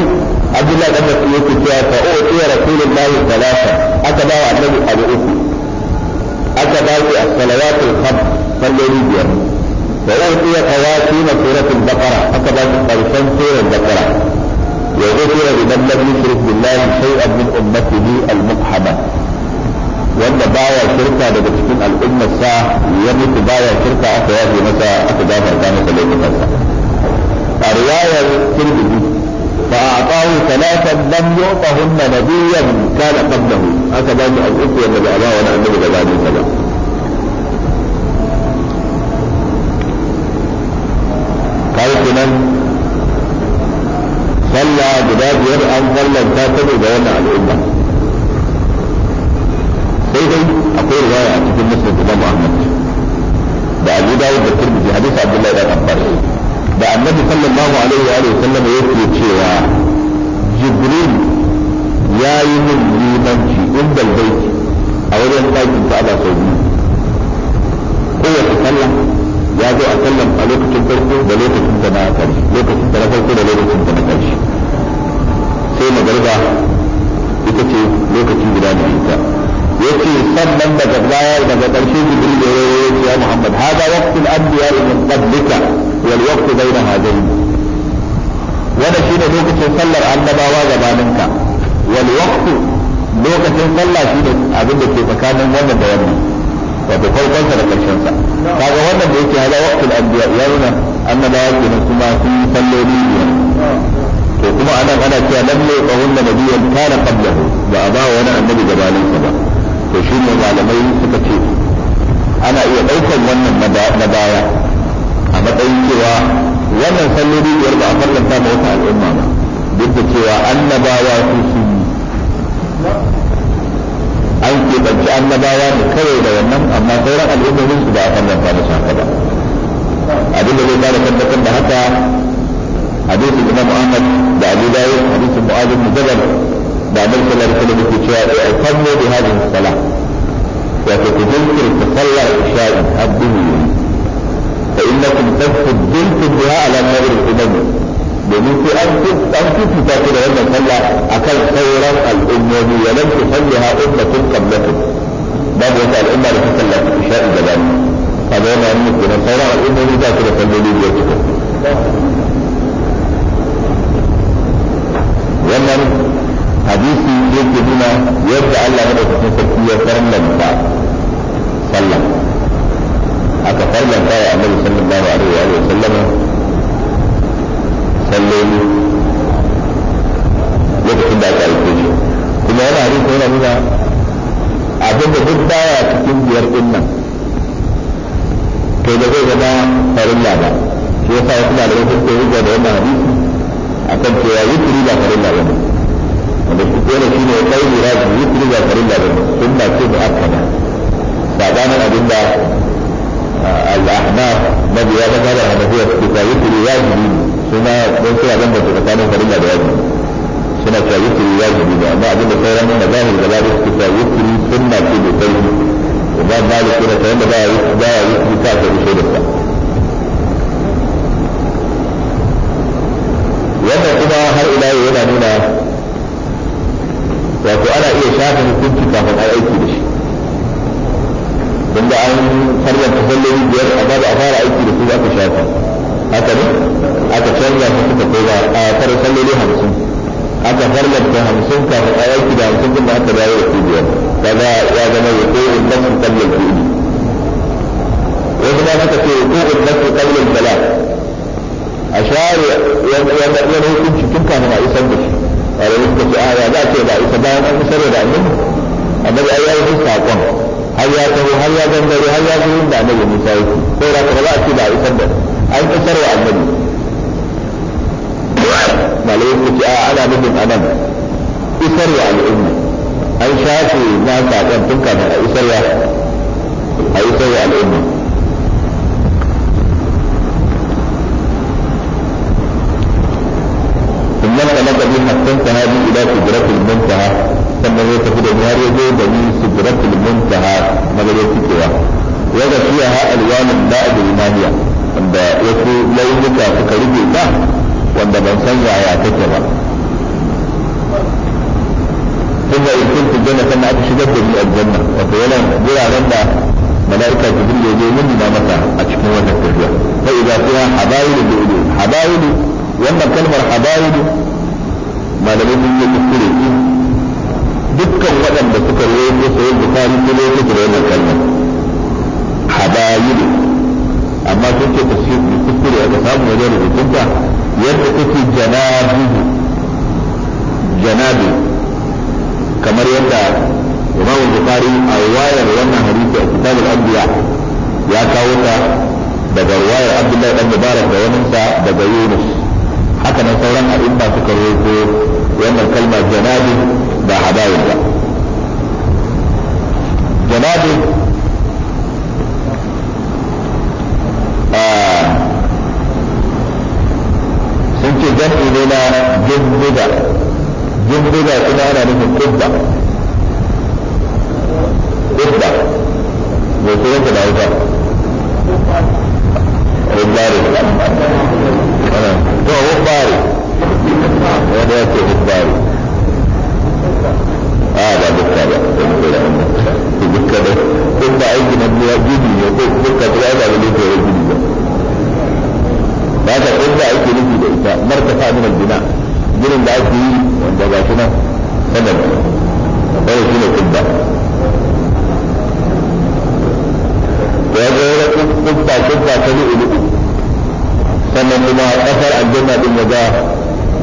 Abdullahi dan Mas'ud yake cewa fa o tiya Rasulullahi salasa aka ba wa Annabi abu uku aka ba shi as-salawatul khams salloli biyar wa o tiya qawatin suratul baqara aka ba shi karshen suratul baqara وغفر لمن لم يشرك بالله شيئا من امته المقحمه wanda baya shirka daga cikin al'ummar sa ya mutu baya shirka aka yafe masa aka gafarta masa laifukan sa a riwayar tirmidhi fa a'tahu thalathan lam yu'tahunna nabiyyan kana qablahu aka ba mu al'umma wanda ba a ba wani annabi gabanin sa ba guda an hallanta ta ne ga wannan al'umma sai dai akwai riwaya a cikin musulun da Muhammad da Abu Dawud da Tirmidhi hadisi Abdullahi da Abbas da Annabi sallallahu alaihi wa alihi sallam yake cewa Jibril ya yi min limanci inda baiti a wajen ɗakin ala sau biyu kowace sallah ya zo a sallan a lokacin farko da lokacin da na ƙarshe lokacin da na farko da lokacin da na ƙarshe sai magarba ita ce lokaci guda da ita yace sannan daga baya daga ƙarshe su da ya yi ya muhammad hada waqtul anbiya min qablika wal waqtu bayna hadain shi ne lokacin sallar annabawa gabaninka wal waktu lokacin sallah shi ne abin da ke tsakanin wannan da wannan wato farkon sa da karshen sa kaga wannan da yake hada waqtul anbiya ya nuna annabawa kenan kuma sun yi salloli biyar to kuma anan ana cewa lam yuqawun da nabiyyan kana qablahu ba a ba wani annabi gabanin sa ba to shi ne malamai suka ce ana iya ɗaukar wannan na baya a matsayin cewa wannan sallobi biyar ba a farlanta ma wata al'umma ba duk da cewa annabawa su sun yi an keɓanci annabawa ne kawai da wannan amma sauran al'ummomin su ba a farlanta fara haka ba abin da zai ba da tabbatar da haka حديث الإمام أحمد بأبي داود حديث معاذ بن جبل بعد الصلاة رسول الله صلى بهذه الصلاة وفي تذكر تصلى عشاء أبده فإنكم تستدلتم بها على النبي الإمام بمن في أنفس تأكل أن صلى أكلت خيرا الأمومي ولم تصليها أمة قبلكم بعد يسأل أمة لتصلى عشاء جبل هذا هو معلومة بنا صلى الأمومي تأكل صلى لي wannan hadisi yake nuna yadda Allah ya dauki sarki ya farlanta sallah aka farlanta ya annabi sallallahu alaihi wa sallam salloli lokacin da aka aike shi kuma yana hadisi yana nuna abin da duk baya cikin biyar din nan to da zai gaba farilla ba shi yasa wasu malamai suke rubuta da wannan hadisi akan cewa wuturi ba farilla bane wanda su kone shi ne kai lura da wuturi ba farilla sun sunna ce da aka ba sabanin abinda al-ahnaf mabiya da gaba da mabiya su ka ya wajibi suna don cewa ban da tsakanin farilla da wajibi suna cewa ya wajibi ne amma abinda sauran da gaba da su ka wuturi sunna ce da kai ba ba da kuma da ba ya wuturi ka ta ishe da ta wannan kuma har ila yau yana nuna wato ana iya shafe hukunci kafin a aiki da shi don da an farjan tasalloli biyar amma ba a fara aiki da su aka shafa haka ne aka canza su suka kai ba a fara salloli hamsin aka farjanta hamsin kafin a aiki da hamsin din da aka dawo da su biyar za ya zama ya ko in nasu kallon kuɗi wasu ma suka ce ko in nasu kallon talaka a share wani hukunci tun kamin a isar da shi a rayuwar ta ce a ya za ce ba isa bayan an isar da annabi annabi ai ya yi saƙon har ya taho har ya gangare har ya zo da annabi musa yake sai da ba za a ce ba isar da an isar wa annabi malayin ku ce a ana nufin anan isar wa al'umma an shafe na saƙon tun kamin a isar wa a isar wa al'umma wajen sahabi ila sidratul muntaha sannan ya tafi da har ya zo da ni sidratul muntaha magana cikewa ya ga fiya ha alwanul da'd al-maniya wanda wasu launuka suka rike ta wanda ban san yaya take ba ثم إن كنت الجنة ثم أتشدد من الجنة وقيلا جرى لنا ملائكة جبريل يجي مني ما متى أشكو وتكتفيا فإذا فيها حبايل بأدود حبايل وأما كلمة حبايل malamai sun yi kuskure dukkan waɗanda suka rawaito sahih bukhari sun rawaito da wannan kalmar habayilu amma sun ce tafsir ne kuskure aka samu wajen rubutunta yadda take janabihu janabi kamar yadda imamu bukari a wayar wannan hadisi a kitabul anbiya ya kawo ta daga wayar abdullahi dan mubarak da sa daga yunus haka nan sauran al'umma suka roko wannan kalma janabi ba hadayin ba janabi sun ce jan ne na jimbiga jimbiga kuma ana nufin kubba kubba mai kuma da wuta الداري هو الداري هذا يأتي في الداري هذا بالطبع بالكذا كل عيد من يجيني يقول بالكذا هذا اللي يجيني هذا كل عيد من يجيني مرتفع من البناء جرم بعد دي وانت باشنا سنة هذا شنو كده وهذا tsibba tsibba ta lu'ulu sannan kuma kasar aljanna din ya ga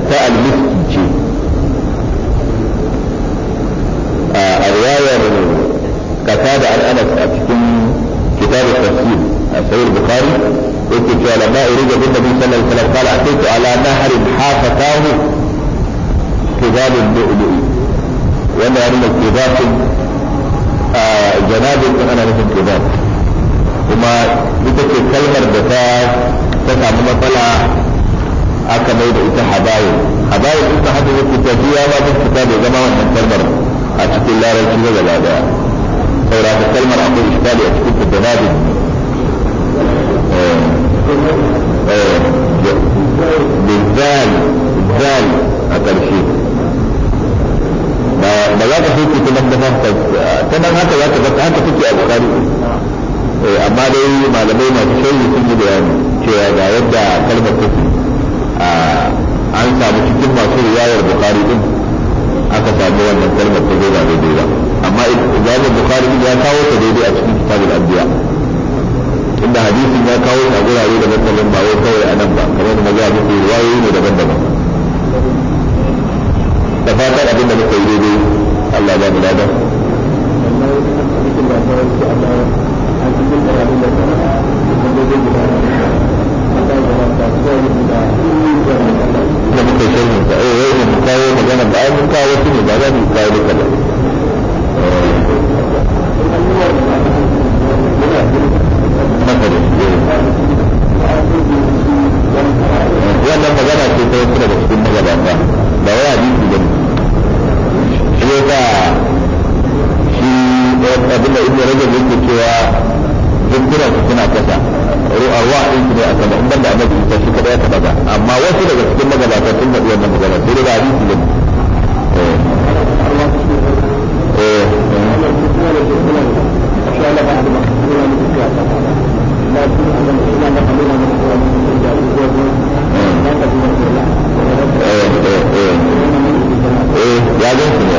ta almiski ce a riwayar kasa da al'anas a cikin kitab tafsir a sahih bukhari yake cewa lamma urida bin nabi sallallahu alaihi wasallam qala ataitu ala nahrin hafatahu kibab al-lu'lu'i wannan ya nuna kibab janabin ana nufin kibab kuma ita ce kalmar da ta ta samu matsala aka mai da ita habayi habayi ita hada ne ku tafiya ba ta fita da zama wannan kalmar a cikin larabci na gaba daya saura ta kalmar akwai iskali a cikin tattanabi بالذال الذال أترشي ba za ka fi kuma da tana haka za ka haka take a bukari Eh, amma dai malamai masu shayi sun yi bayani cewa ga yadda kalmar take an samu cikin masu riwayar bukari din aka samu wannan kalmar ta zo ba daidai ba amma imamin bukari ya kawo ta daidai a cikin kitabul anbiya inda hadisin ya kawo ta gurare da matsalin ba wai kawai a nan ba kamar da maza muku riwayoyi ne daban-daban da fatan abin da muka yi daidai Allah ba mu lada. da muka shirin ta eh yau mun kawo magana ba ai mun kawo su ne ba za mu kawo duka ba wannan magana ce ta wasu daga cikin magabata ba wai hadisi ba ne shi yasa abin da ibn rajab yake cewa dukkan su suna kasa ruwa din su ne a sama in banda annabi ta shi kada ya taba ba amma wasu daga cikin magabata sun faɗi wannan magana sai da hadisi ne ya gan su ne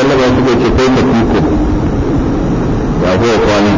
sallama ya suka ce kai ka tuko ba ko kwani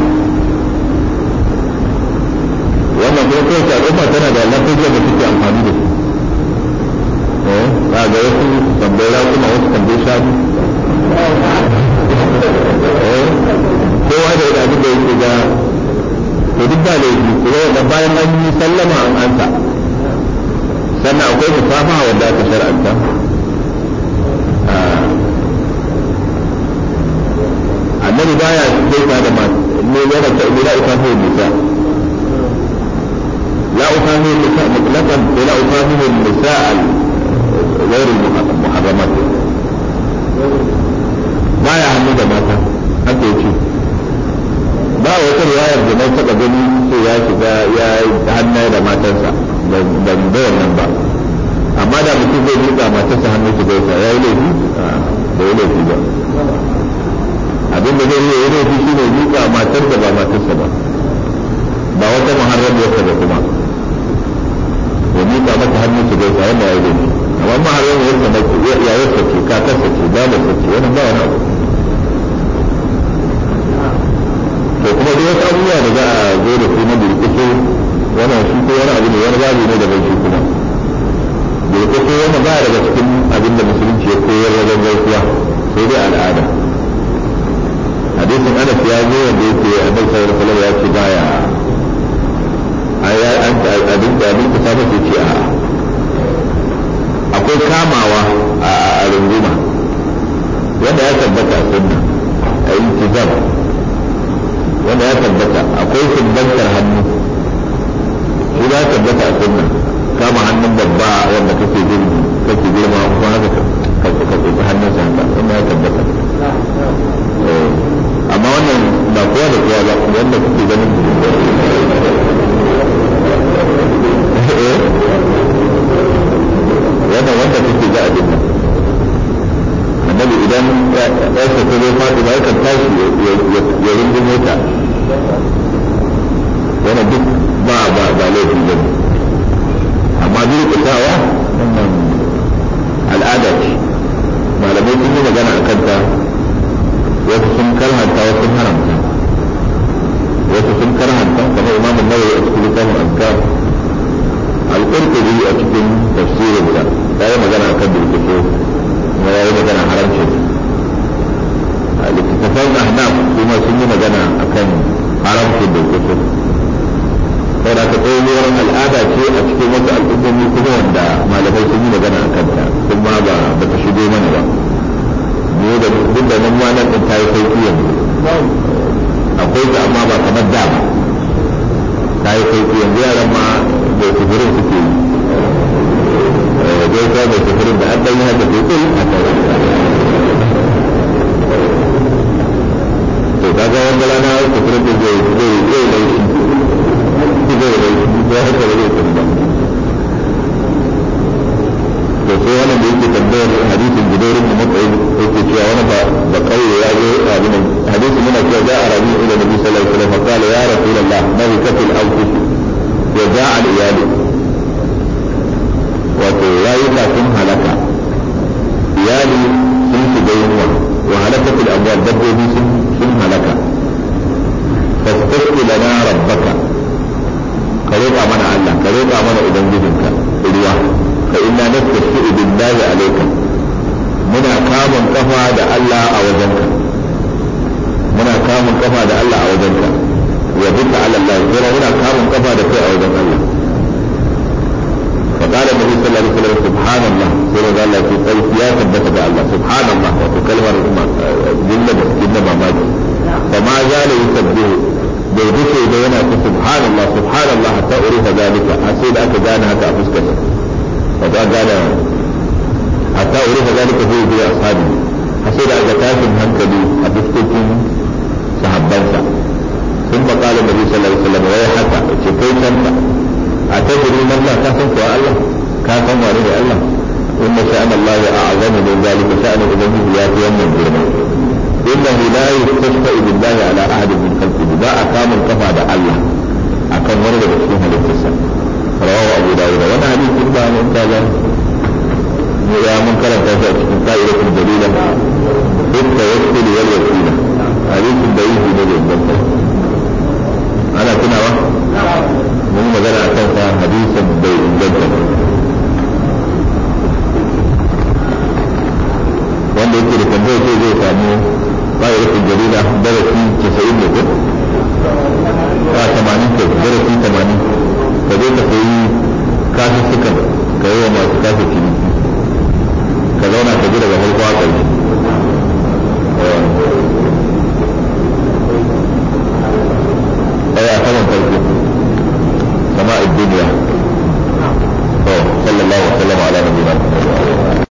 ko a cikin wasu al'ummomi kuma wanda malamai sun yi magana a kanta kuma ba ba ta shigo mana ba ne da duk da nan wannan din ta yi sauki yanzu akwai ta amma ba kamar da ba ta yi sauki yanzu yaran ma da kuburin suke yi zai eh, ta da kuburin da an ɗan yi sai sosai a kawai to ga wanda lana kufurin da zai zai zai laifi بغيره ظاهر ولا يتبع sai wani da yake tambayar hadisin jibairin da matsayin yake cewa wani ba kauye ya zo abin hadisin yana cewa za a rabi ila nabi sallallahu alaihi wasallam qala ya rasulullah nabi kafil anfus wa za'a al iyali wato rayuka sun halaka iyali sun shiga yunwa wa halakatul abwab dabbobi sun halaka fastasqi lana rabbaka ka mana Allah ka mana ubangijinka ruwa fa inna nastasi'u billahi alayka muna kamun kafa da Allah a wajenka muna kamun kafa da Allah a wajenka wa bika ala Allah kira muna kamun kafa da kai a wajen Allah فقال النبي صلى الله عليه وسلم سبحان الله سورة الله في قلب يا ثبت الله سبحان الله وتكلم جملة جملة ما فما زال يسبه bai gushe da yana ta subhanallah subhanallah hatta urifa zalika a sai da aka gane haka a fuskar sa wato an gane hatta urifa zalika zai biya ashabi a sai da aka tashin hankali a fuskokin sahabbansa sun ba kala nabi sallallahu alaihi wasallam wai haka ce kai canta a tajiri nan ma ka san ko Allah ka san wani da Allah inna sha'an Allah ya a'zamu min zalika sha'an ubangiji ya fi wannan girma innahu la yastashfa'u billahi ala ahadin min khalqihi ba a kamun kafa da Allah akan wani daga cikin halittarsa rawahu abu da. wani hadisi ba mun kaza ya mun karanta shi a cikin qa'idatul dalila inda yakul wal yakuna hadisin da yake da dangantaka ana tunawa mun magana akan sa hadisin da dangantaka wanda yake da tambayar zai samu ƙwayar jarida darasi casa'in da ko a tamanin da darasi tamanin ka je ka sayi kafin ka yi wa masu kafin ciniki ka zauna ka ji daga farko a ɗaya saman farko sama'id duniya wa ala